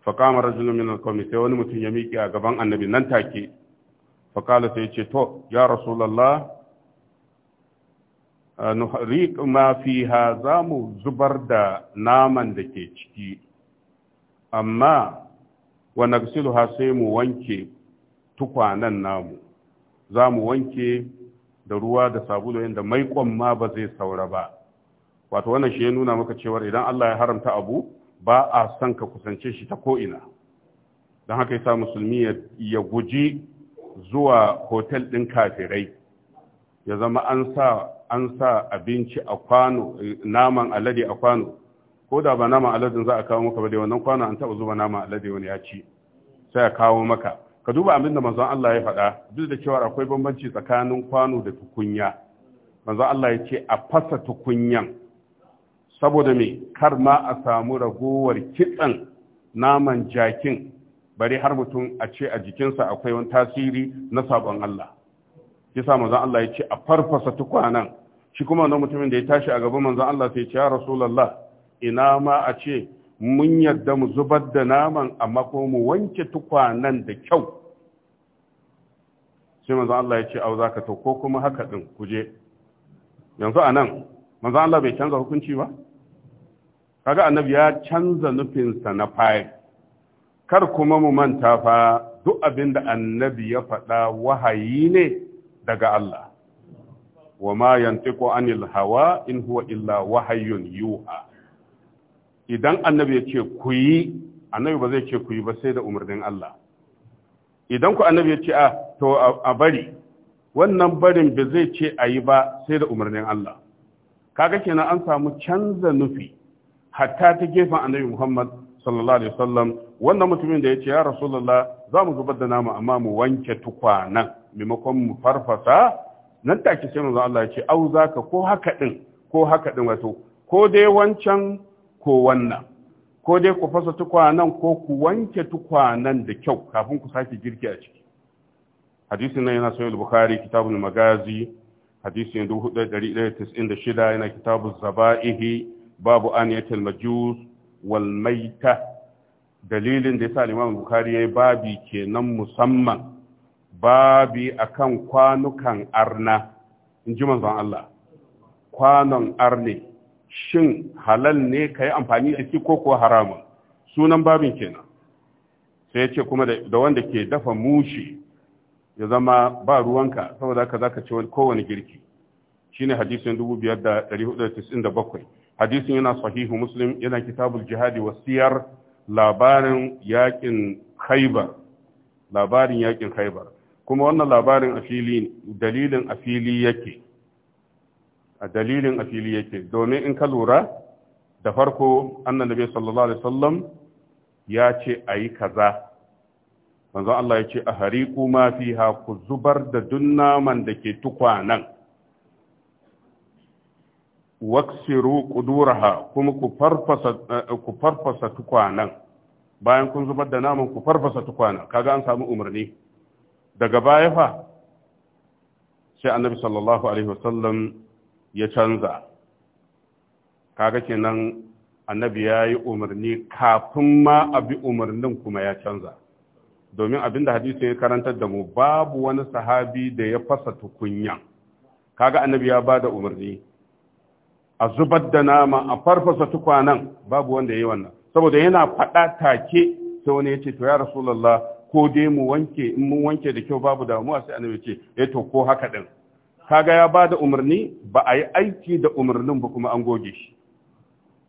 faƙama rajulun min alƙawmi sai wani mutum ya miƙe a gaban annabi nan take faƙala sai ce to ya rasulallah nuhriq ma fiha za mu zubar da naman da ke ciki amma wa nagsiluha sai mu wanke tukwanan namu za mu wanke da ruwa da sabulu inda maiƙon ma ba zai saura ba wato wannan shi ya nuna maka cewar idan Allah ya haramta abu ba a son ka kusance shi ta ko'ina don haka yasa musulmi ya guji zuwa hotel ɗin kafirai ya zama an sa an sa abinci a kwano naman alade a kwano ko da ba naman aladin za a kawo maka ba dai wannan kwano an taɓa zuba naman alade wani ya ci sai a kawo maka ka duba abin da manzon Allah ya faɗa duk da cewa akwai bambanci tsakanin kwano da tukunya manzon Allah ya ce a fasa tukunyan saboda mai, kar ma a samu ragowar kitsan naman jakin bari har mutum a ce a jikinsa akwai wani tasiri na sabon Allah sa manzon Allah ya ce a farfasa tukwanan shi kuma wannan mutumin da ya tashi a gaba, manzon Allah sai ya ce ya rasulullah ina ma a ce mun yadda mu zubar da naman amma ko mu wanke tukwanan da kyau sai manzon Allah ya ce au zaka to ko kuma haka din kuje yanzu anan manzon Allah bai canza hukunci ba kaga annabi ya canza nufinsa na fayil, kar kuma mu manta fa duk abin da annabi ya faɗa wahayi ne daga Allah wa ma yantiqu anil hawa in huwa illa wahayun yuha idan annabi ya ce ku yi annabi ba zai ce ku yi ba sai da umarnin Allah idan ku annabi ya ce ah, a to a bari wannan barin ba zai ce a yi ba sai da umarnin Allah kaga kenan an samu canza nufi hatta ta gefen annabi Muhammad sallallahu alaihi wasallam wannan mutumin da ya ce ya rasulullah za mu zubar da nama amma mu wanke tukwanan maimakon mu farfasa nan take sai manzo Allah ya ce au zaka ko haka din ko haka din wato ko dai wancan ko wannan ko dai ku fasa tukwanan ko ku wanke tukwanan da kyau kafin ku sake girki a ciki hadisin nan yana sahih bukhari kitabul magazi hadisi 1196 yana kitabuz zabaihi babu aniyatul majus wal maita dalilin da yasa Imam Bukhari yayi babi kenan musamman babi akan kwanukan arna in ji manzon Allah kwanon arne shin halal ne ka yi amfani da shi ko haramun sunan babin kenan sai ya ce kuma da wanda ke dafa mushi ya zama ba ruwanka saboda ka za ka ci kowane girki shine hadisin 5497 hadisin yana sahihu muslim yana kitabul jihadi wasiyar labarin yakin khaibar labarin yakin kuma wannan labarin a dalilin a yake a dalilin yake domin in ka lura da farko annan sallallahu alaihi wasallam ya ce a yi kaza manzon Allah ya ce a hariku ma fiha ku zubar da dunnaman da ke tukwanen. waksiru kuduraha kuma eh, ku farfasa tukwanan bayan kun zubar da naman ku farfasa tukwanan kaga an samu umarni daga baya fa sai annabi sallallahu alaihi wasallam ya canza kaga kenan annabi ya yi umarni kafin ma a bi umarnin kuma ya canza domin abinda hadisi ya karantar da mu babu wani sahabi da ya fasa tukunyan kaga annabi ya ba da umarni a zubar da nama a farfasa tukwanan babu wanda ya yi wannan saboda yana faɗa take sai wani ya ce to ya rasulullah ko dai mu wanke in mun wanke da kyau babu damuwa sai annabi ce eh to ko haka din kaga ya bada umarni ba a yi aiki da umarnin ba kuma an goge shi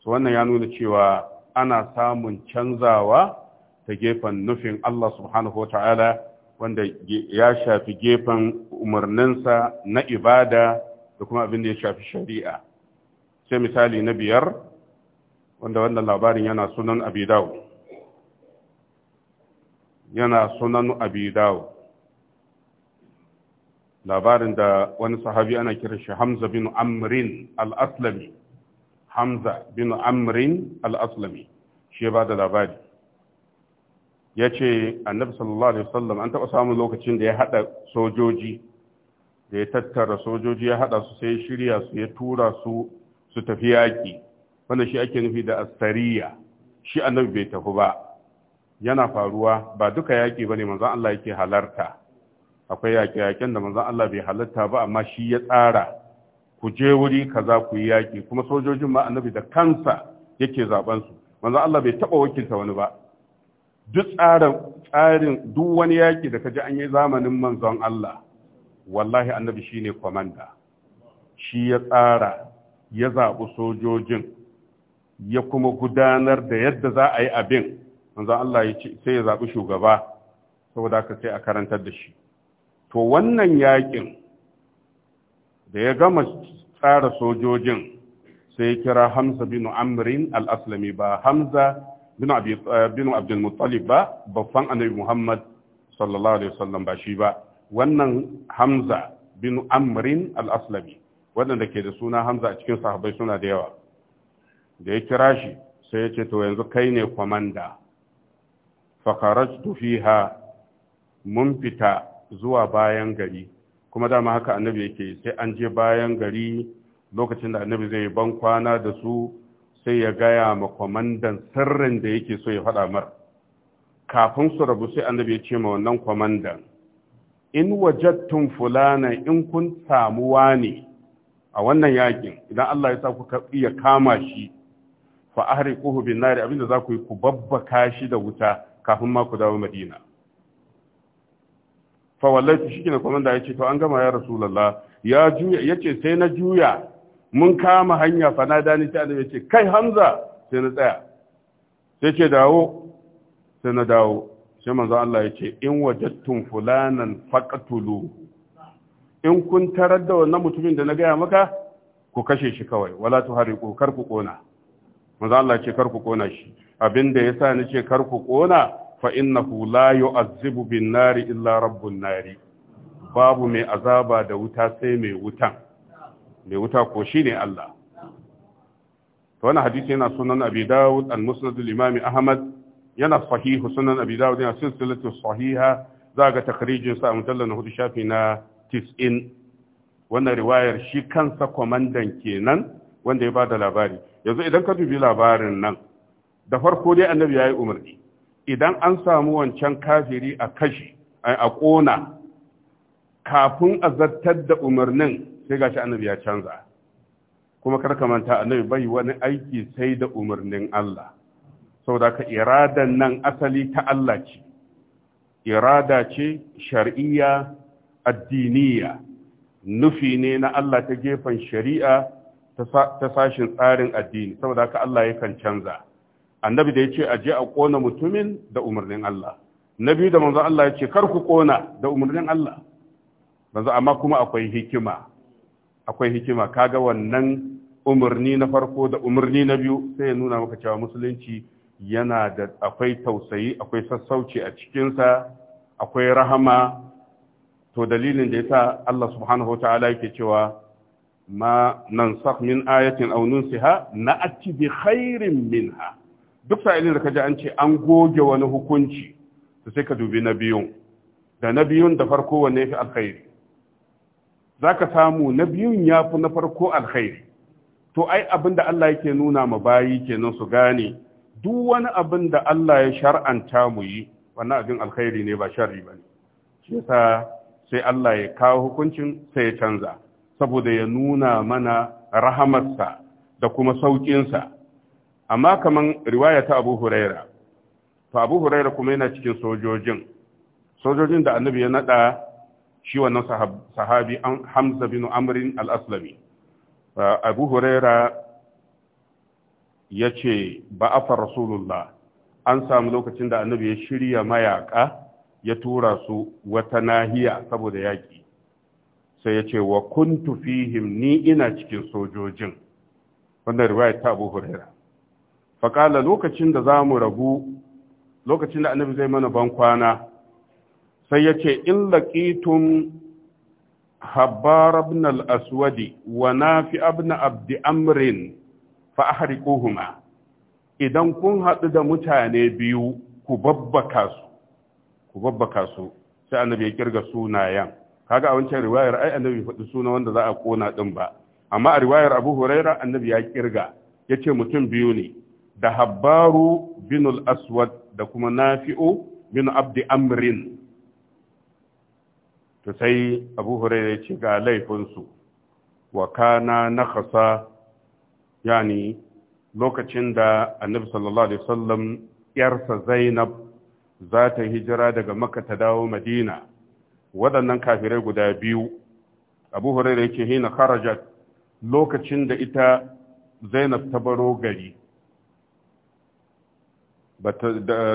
so wannan ya nuna cewa ana samun canzawa ta gefen nufin Allah subhanahu wata'ala wanda ya shafi gefen umarninsa na ibada da kuma abin da ya shafi shari'a sai misali na biyar wanda wannan labarin yana sunan abidawo yana sunan abidawo labarin da wani sahabi ana kiran shi hamza bin amrin al-aslami hamza bin amrin al-aslami shi ba da labari ya ce annabi sallallahu alaihi wasallam an taɓa samun lokacin da ya haɗa sojoji da ya tattara sojoji ya haɗa su sai shirya su ya tura su su tafi yaƙi wanda shi ake nufi da astariya shi annabi bai tafi ba yana faruwa ba duka yaƙi ba ne. manzan Allah yake halarta akwai yaƙe-yaƙen da manzan Allah bai halarta ba amma shi ya tsara ku je wuri kaza ku yi yaƙi kuma sojojin ma annabi da kansa yake zaben su Manzan Allah bai taɓa wakilta wani ba duk tsarin duk wani yaƙi da ka ji an yi zamanin manzon Allah wallahi annabi shine kwamanda shi ya tsara ya zaɓi sojojin ya kuma gudanar da yadda za a yi abin wanzan Allah ya ce sai ya zaɓi shugaba saboda ka sai a karantar da shi to wannan yaƙin da ya gama tsara sojojin sai ya kira Hamza bin Amrin al-Aslami ba Hamza bin Abi eh, ba babban Annabi Muhammad sallallahu alaihi wasallam ba shi ba wannan Hamza bin Amrin al-Aslami waɗanda ke da suna hamza a cikin sahabbai suna da yawa da ya kira shi sai ya ce to yanzu kai ne kwamanda tufi tufiha mun fita zuwa bayan gari kuma dama haka annabi yake sai an je bayan gari lokacin da annabi zai ban kwana da su sai ya gaya ma kwamandan sirrin da yake so ya faɗa mar kafin su rabu sai annabi ya ce ma wannan kwamandan in wajattun fulana in kun samuwa ne. a wannan yakin idan Allah ya sa ku iya kama shi fa ahriquhu bin nari abinda za ku yi ku babbaka shi da wuta kafin ma ku dawo Madina fa wallahi shikina komanda yake to an gama ya rasulullah ya juya yace sai na juya mun kama hanya fa na dani ta da yace kai Hamza sai na tsaya sai ce dawo sai na dawo sai manzo Allah yace in wajadtum fulanan faqtuluhu in kun tarar da wannan mutumin da na gaya maka ku kashe shi kawai wala tu hariku kar ku kona manzo Allah ce kar ku kona shi abinda yasa ni ce kar ku kona fa innahu la yu'azzibu bin nari illa rabbun nari babu mai azaba da wuta sai mai wutan mai wuta ko shine Allah to wannan hadisi yana sunan Abi Dawud al-Musnad al-Imam Ahmad yana sahihu sunan Abi Dawud yana silsilatu sahiha za ga takrijin sa mujallal na hudu shafi na tis'in wannan riwayar shi kansa kwamandan kenan wanda ya ba da labari yanzu idan ka dubi labarin nan da farko dai annabi ya yi umarni idan an samu wancan kafiri a kashi a ƙona kafin a zartar da umarnin sai gashi annabi ya canza kuma karka manta annabi bai wani aiki sai da umarnin Allah saboda ka iradan nan asali ta Allah ce irada ce shar'iyya addiniya nufi ne na Allah ta gefen shari'a ta sashin tsarin addini saboda haka Allah yakan canza annabi da ya ce aje a kona mutumin da umarnin Allah na da manzo Allah ya ce kar ku kona da umarnin Allah manzo amma kuma akwai hikima akwai hikima kaga wannan umarni na farko da umarni na biyu sai ya nuna maka cewa musulunci yana da akwai tausayi akwai sassauci a cikinsa akwai rahama to dalilin da ya sa Allah subhanahu yake cewa ma nansakh min ayatin siha na na'ti bi khairin minha duk sa'ilin da ji an ce an goge wani hukunci to sai ka dubi na biyun da na biyun da farko wanne fi alkhairi zaka samu na biyun ya fi na farko alkhairi to ai abin da Allah yake nuna ma bayi kenan su gane duk wani abin da Allah ya shar'anta mu yi wannan abin alkhairi ne ba sharri ba shi yasa sai Allah ya kawo hukuncin sai ya canza saboda ya nuna mana rahamarsa da kuma sauƙinsa amma kaman riwaya ta Abu Huraira to Abu Huraira kuma yana cikin sojojin sojojin da Annabi ya naɗa shi wannan sahabi Hamza bin Amr al-Aslami Abu Huraira ya ce ba afa rasulullah an samu lokacin da annabi ya shirya mayaka ya tura su wata nahiya saboda yaƙi sai ya ce wa kuntu fihim ni ina cikin sojojin wanda riwayar ta abu huraira faƙala lokacin da za mu rabu lokacin da annabi zai mana ban kwana sai ya ce in laƙitun habbar ibn al-aswadi wa nafi ibn abdi amrin fa ahriquhuma idan kun haɗu da mutane biyu ku babbaka su ku babbaka su sai annabi ya kirga sunayen kaga a wancan riwayar ai annabi faɗi suna wanda za a kona din ba amma a riwayar Abu Huraira annabi ya kirga Ya ce mutum biyu ne da Habbaru bin aswad da kuma Nafi'u bin Abd Amrin to sai Abu Huraira ya ce ga laifin su wa kana nakhasa yani lokacin da annabi sallallahu alaihi wasallam yarsa Zainab za ta hijira daga maka ta dawo madina waɗannan kafirai guda biyu abu hurairah yake hina kharajat lokacin da ita zainab ta baro gari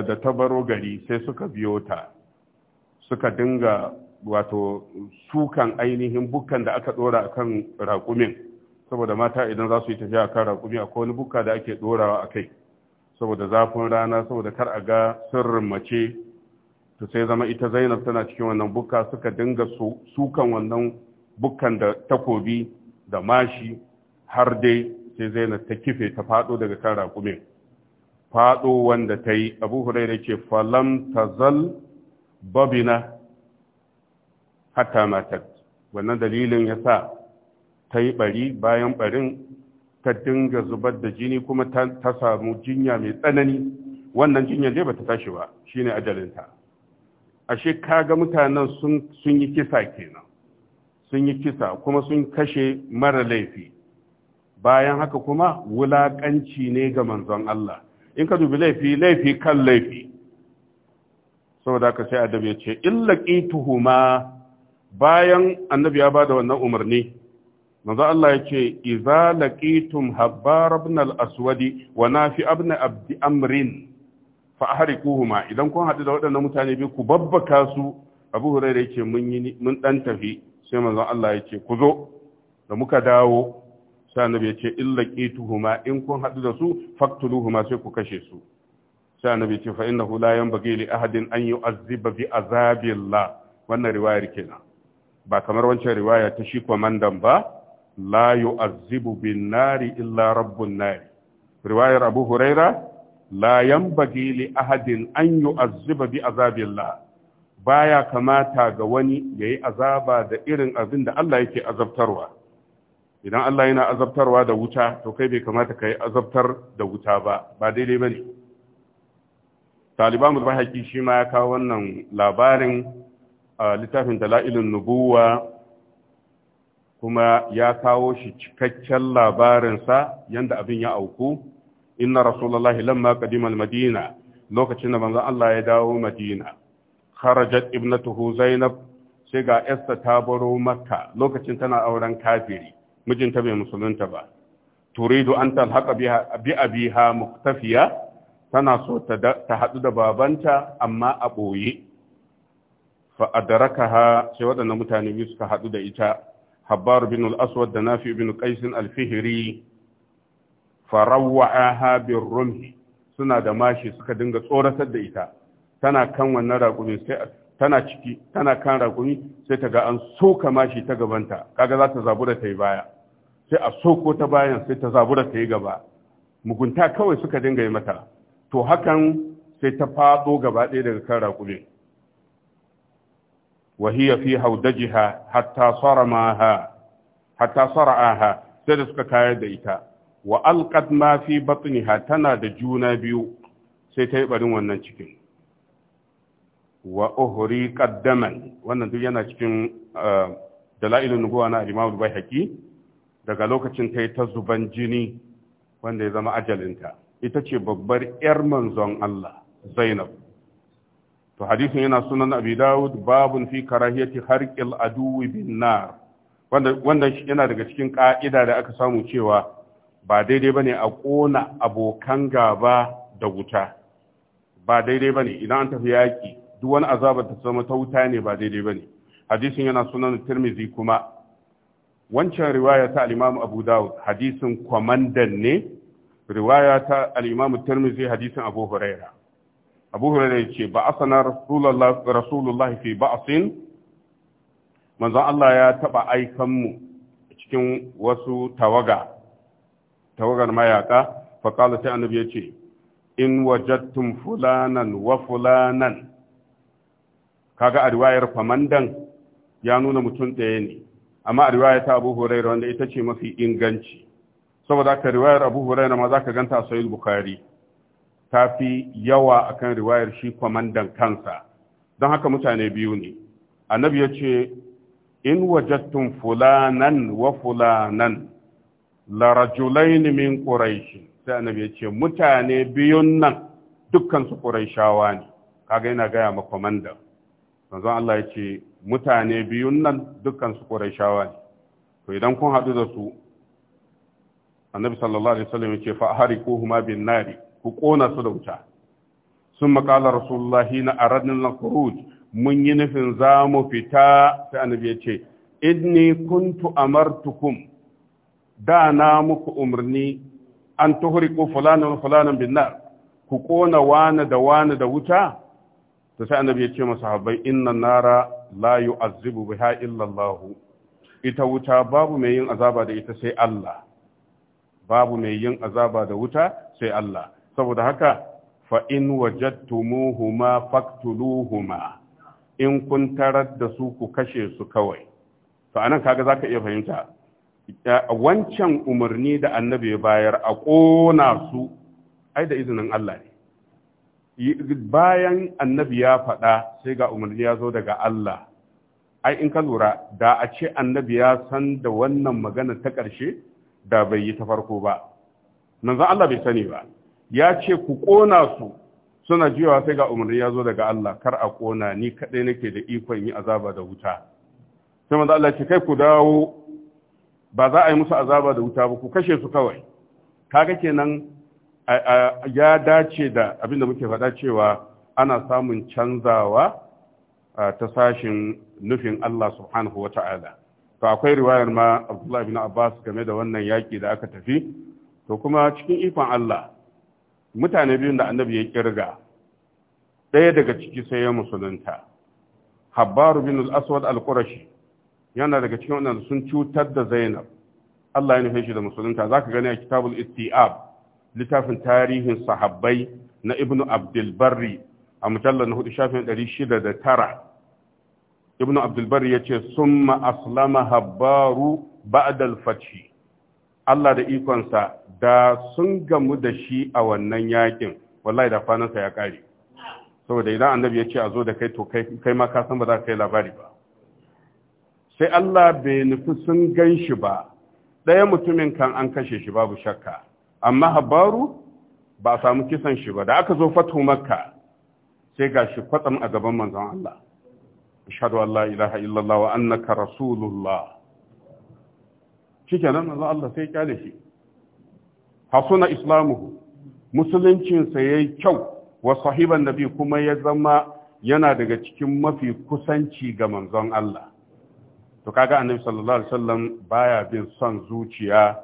da ta baro gari sai suka biyo ta suka dinga wato sukan ainihin bukkan da aka dora a kan raƙumin saboda mata idan za su yi tafiya a kan raƙumi akwai wani bukka da ake dorawa a kai saboda zafin rana saboda kar a ga sirrin mace to sai zama ita zainab tana cikin wannan bukka suka dinga sukan wannan bukan da takobi da mashi har dai sai zainab ta kife ta fado daga kan raƙumin fado wanda ta yi abu huraira ce falam tazal babina hatta matat wannan dalilin ya sa ta yi bari bayan barin ta dinga zubar da jini kuma ta samu jinya mai tsanani wannan jinyar dai bata tashi ba shi ne ajalinta ashe kaga mutanen sun sun yi kisa kenan sun yi kisa kuma sun kashe mara laifi bayan haka kuma wulaƙanci ne ga manzon Allah in ka dubi laifi laifi kan laifi saboda haka sai adabi ya ce illa ma. bayan annabi ya ba da wannan umarni manzo Allah yake idza laqitum habbar ibn al-aswad wa nafi ibn abd amrin fa ahrikuhuma idan kun hadu da waɗannan mutane biyu ku babbaka su Abu Hurairah yake mun yi mun dan tafi sai manzo Allah yake ku zo da muka dawo sai annabi yace illa qituhuma in kun hadu da su faqtuluhuma sai ku kashe su sai annabi yace fa innahu la yanbaghi li ahadin an yu'azziba bi azabillah wannan riwayar kenan ba kamar wancan riwaya ta shi kwamandan ba la yu'azzibu bin nari illa rabbun nari riwayar abu huraira la yanbaghi li ahadin an yu'azziba bi azabillah baya kamata ga wani yayi azaba da irin abin da Allah yake azabtarwa idan Allah yana azabtarwa da wuta to kai bai kamata kayi azabtar da wuta ba ba daidai ba ne. bane Taliban Mubahaki shi ma ya kawo wannan labarin a littafin Dala'ilun Nubuwa kuma ya kawo shi cikakken labarinsa yanda abin ya auku inna rasulullahi lamma qadima madina lokacin da manzon Allah ya dawo madina kharajat ibnatuhu zainab sai ga yarsa ta baro makka lokacin tana auren kafiri mijinta bai musulunta ba turidu an talhaqa biha bi abiha muktafiya tana so ta hadu da babanta amma a boye fa adrakaha sai waɗannan mutane biyu suka hadu da ita habbar bin al-aswad da nafi bin qais al-fihri farawwa'aha bir rumhi suna da mashi suka dinga tsoratar da ita tana kan wannan raƙumi sai ciki tana kan sai ta ga an soka mashi ta gabanta kaga za ta zabura ta yi baya sai a soko ta bayan sai ta zabura ta yi gaba mugunta kawai suka dinga yi mata to hakan sai ta faɗo gaba ɗaya daga kan raƙumin wa hiya fi haudajiha hatta saramaha hatta sara'aha sai da suka kayar da ita wa alqad fi batniha tana da juna biyu sai ta yi barin wannan cikin wa uhri qaddaman wannan duk yana cikin dalailun nubuwa na al-Imam al daga lokacin ta ta zuban jini wanda ya zama ajalinta ita ce babbar 'yar manzon Allah Zainab to hadisin yana sunan abi dawud babun fi karahiyati harqil aduwi bin nar wanda wanda yana daga cikin ka'ida da aka samu cewa ba daidai bane a kona abokan gaba da wuta ba daidai bane idan an tafi yaki duk wani azabar ta zama ta wuta ne ba daidai bane hadisin yana sunan tirmizi kuma wancan riwaya ta al-imam abu dawud hadisin kwamandan ne riwaya ta al-imam tirmizi hadisin abu huraira abu hurairah ce, ba asana rasulullahi rasulullahi fi ba'sin manzon Allah ya taba aikan mu cikin wasu tawaga tawagar mayaka fa ta annabi yace in wajadtum fulanan wa fulanan kaga a riwayar famandan ya nuna mutum ɗaya ne amma a riwaya ta abu hurairah wanda ita ce mafi inganci saboda ka riwayar abu hurairah ma zaka ganta a sahih bukhari ta fi yawa kan riwayar shi kwamandan kansa don haka mutane biyu ne annabi ya ce in wajattun fulanan wa fulanan larajulain min quraish sai annabi ya ce mutane biyun nan dukkan su quraishawa ne kaga yana gaya ma kwamandan manzon Allah ya ce mutane biyun nan dukkan su quraishawa ne to idan kun haɗu da su annabi sallallahu alaihi wasallam ya ce fa harikuhuma bin nari ku ƙona su da wuta sun makala rasulullahi na aradin na mun yi nufin za mu fita sai annabi ya ce inni kuntu amartukum da na muku umarni an tuhriqu fulanan fulanan bin nar ku kona wani da wani da wuta ta sai annabi ya ce masahabai inna nara la yu'azzibu biha illa Allah ita wuta babu mai yin azaba da ita sai Allah babu mai yin azaba da wuta sai Allah saboda haka fa in faktuluhuma faqtuluhuma in kun tarar da su ku kashe su kawai to anan kaga zaka iya fahimta wancan umarni da annabi ya bayar a ƙona su ai da izinin Allah ne bayan annabi ya faɗa sai ga umarni ya zo daga Allah ai in ka lura da a ce annabi ya san da wannan magana ta ƙarshe da bai yi ta farko ba za Allah bai sani ba ya ce ku ƙona su suna jiwa sai ga umarni ya zo daga Allah kar a ƙona ni kaɗai nake da ikon yi azaba da wuta sai manzo Allah ce kai ku dawo ba za a yi musu azaba da wuta ba ku kashe su kawai kaga kenan ya dace da abinda muke faɗa cewa ana samun canzawa ta sashin nufin Allah subhanahu wa ta'ala to akwai riwayar ma Abdullah bin Abbas game da wannan yaki da aka tafi to kuma cikin ikon Allah mutane biyun da annabi ya kirga ɗaya daga ciki sai ya musulunta habbaru bin al-aswad al-qurashi yana daga cikin wannan sun cutar da zainab Allah ya nufe shi da musulunta zaka gani a kitabul istiab littafin tarihin sahabbai na ibnu abdul barri a mujallar na hudu shafin ɗari shida da tara ibnu abdul barri ya ce summa aslama habbaru ba'da al-fathi Allah da ikonsa da sun gamu da shi a wannan yakin wallahi da kwanansa ya kare saboda idan annabi ya ce a zo da kai to kai ma ka san ba za ka yi labari ba sai Allah bai nufi sun gan shi ba ɗaya mutumin kan an kashe shi babu shakka amma habaru ba a samu kisan shi ba da aka zo fatu makka sai ga shi kwatsam a gaban manzon Allah ashhadu an la ilaha illallah wa annaka rasulullah shikenan manzo Allah sai kyale shi hasuna islamuhu musuluncinsa yayi kyau wa sahiban nabi kuma ya zama yana daga cikin mafi kusanci ga manzon Allah to kaga annabi sallallahu alaihi wasallam baya bin son zuciya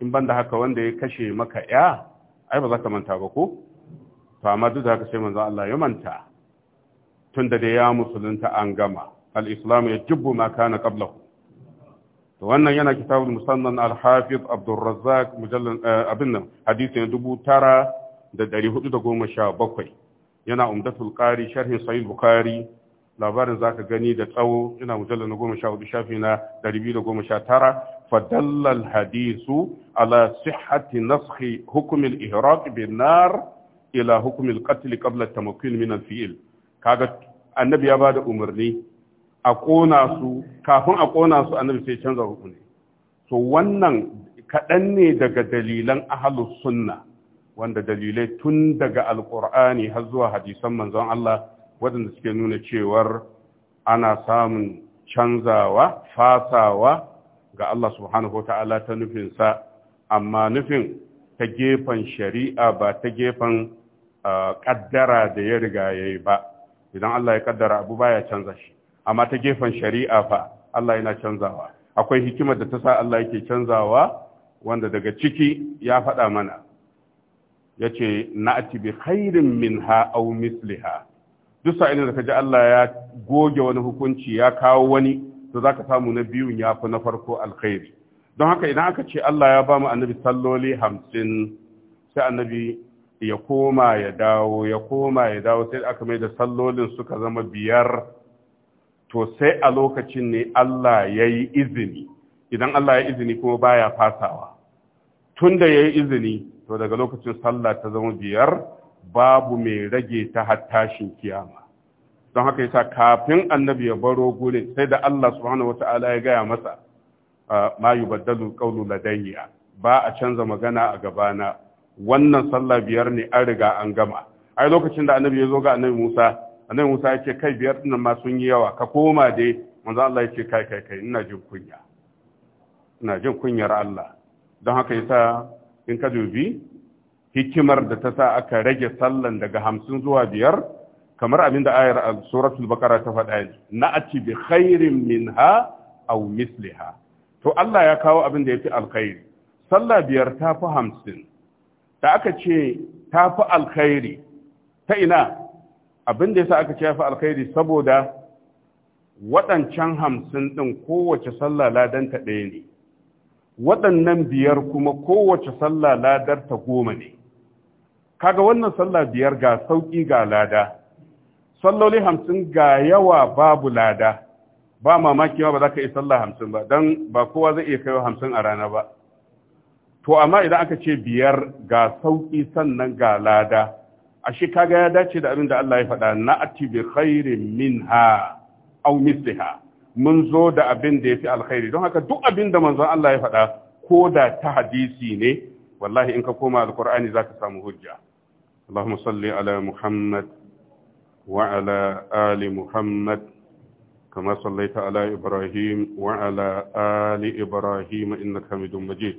in banda haka wanda ya kashe maka ya ai ba za ka manta ba ko to amma duk da haka sai manzon Allah ya manta tunda da ya musulunta an gama al ya yajibu ma kana qablahu to wannan yana kitabul musannan al-hafiz abdurrazzaq mujallal eh, abin nan hadisi na 9417 yana umdatul qari sharhin sahih bukhari labarin zaka gani da tsawo yana mujallal na 14 shafi na 219 fadalla al-hadisu ala sihhati nasxi hukm al-ihraq bin-nar ila hukm al-qatl qabla at-tamkin min al-fi'l kaga annabi ya bada umarni a ƙona su kafin a ƙona su annabi sai canza rukuni to wannan kaɗan ne daga dalilan ahalus sunna wanda dalilai tun daga alƙur'ani har zuwa hadisan manzon Allah waɗanda suke nuna cewar ana samun canzawa fasawa ga Allah subhanahu wa ta'ala ta nufinsa amma nufin ta gefen shari'a ba ta gefen ah, ƙaddara da ya riga ya yi ba idan Allah ya ƙaddara abu baya canza shi amma ta gefen shari'a fa Allah yana canzawa akwai hikimar da ta sa Allah yake canzawa wanda daga ciki ya faɗa mana ya ce na'ati bi khairin minha aw misliha duk sa'ilin da ka ji Allah ya goge wani hukunci ya kawo wani to zaka samu na biyun ya fi na farko alkhairi don haka idan aka ce Allah ya ba mu annabi salloli hamsin sai annabi ya koma ya dawo ya koma ya dawo sai aka mai da sallolin suka zama biyar to sai a lokacin ne Allah ya yi izini idan Allah ya izini kuma baya fasawa tun da ya yi izini to daga lokacin sallah ta zama biyar babu mai rage ta hattashin kiyama don haka yasa kafin annabi ya baro gurin sai da Allah subhanahu ta'ala ya gaya masa ah, ma yubaddalu qawlu ladayya ba a canza magana a gabana wannan sallah biyar ne an riga an gama ai lokacin da annabi ya zo ga annabi Musa annabi Musa ya ce kai biyar din ma sun yi yawa ka koma dai manzo Allah ya ce kai kai kai ina jin kunya ina jin kunyar Allah don haka yasa in ka dubi hikimar da ta sa aka rage sallan daga hamsin zuwa biyar kamar abin da ayar a suratul bakara ta faɗa na'ati bi khairin minha aw misliha to Allah ya kawo abin da yafi alkhairi sallah biyar ta fi hamsin da aka ce ta fi alkhairi ta ina abin da yasa aka ce yafi alkhairi saboda waɗancan hamsin ɗin kowace sallah ta ɗaya ne waɗannan biyar kuma kowace sallah ta goma ne kaga wannan sallah biyar ga sauƙi ga lada salloli hamsin ga yawa babu lada ba mamaki ma ba za ka yi sallah hamsin ba don ba kowa zai iya kaiwa hamsin a rana ba to amma idan aka ce biyar ga sauƙi sannan ga lada ashe kaga ya dace da abin da Allah ya faɗa na ati bi khairin minha aw misliha mun zo da abin da yafi alkhairi don haka duk abin da manzon Allah ya faɗa ko da ta hadisi ne wallahi in ka koma alqur'ani zaka samu hujja Allahumma salli ala Muhammad wa ala ali Muhammad كما ala Ibrahim, إبراهيم وعلى آل إبراهيم إنك حميد مجيد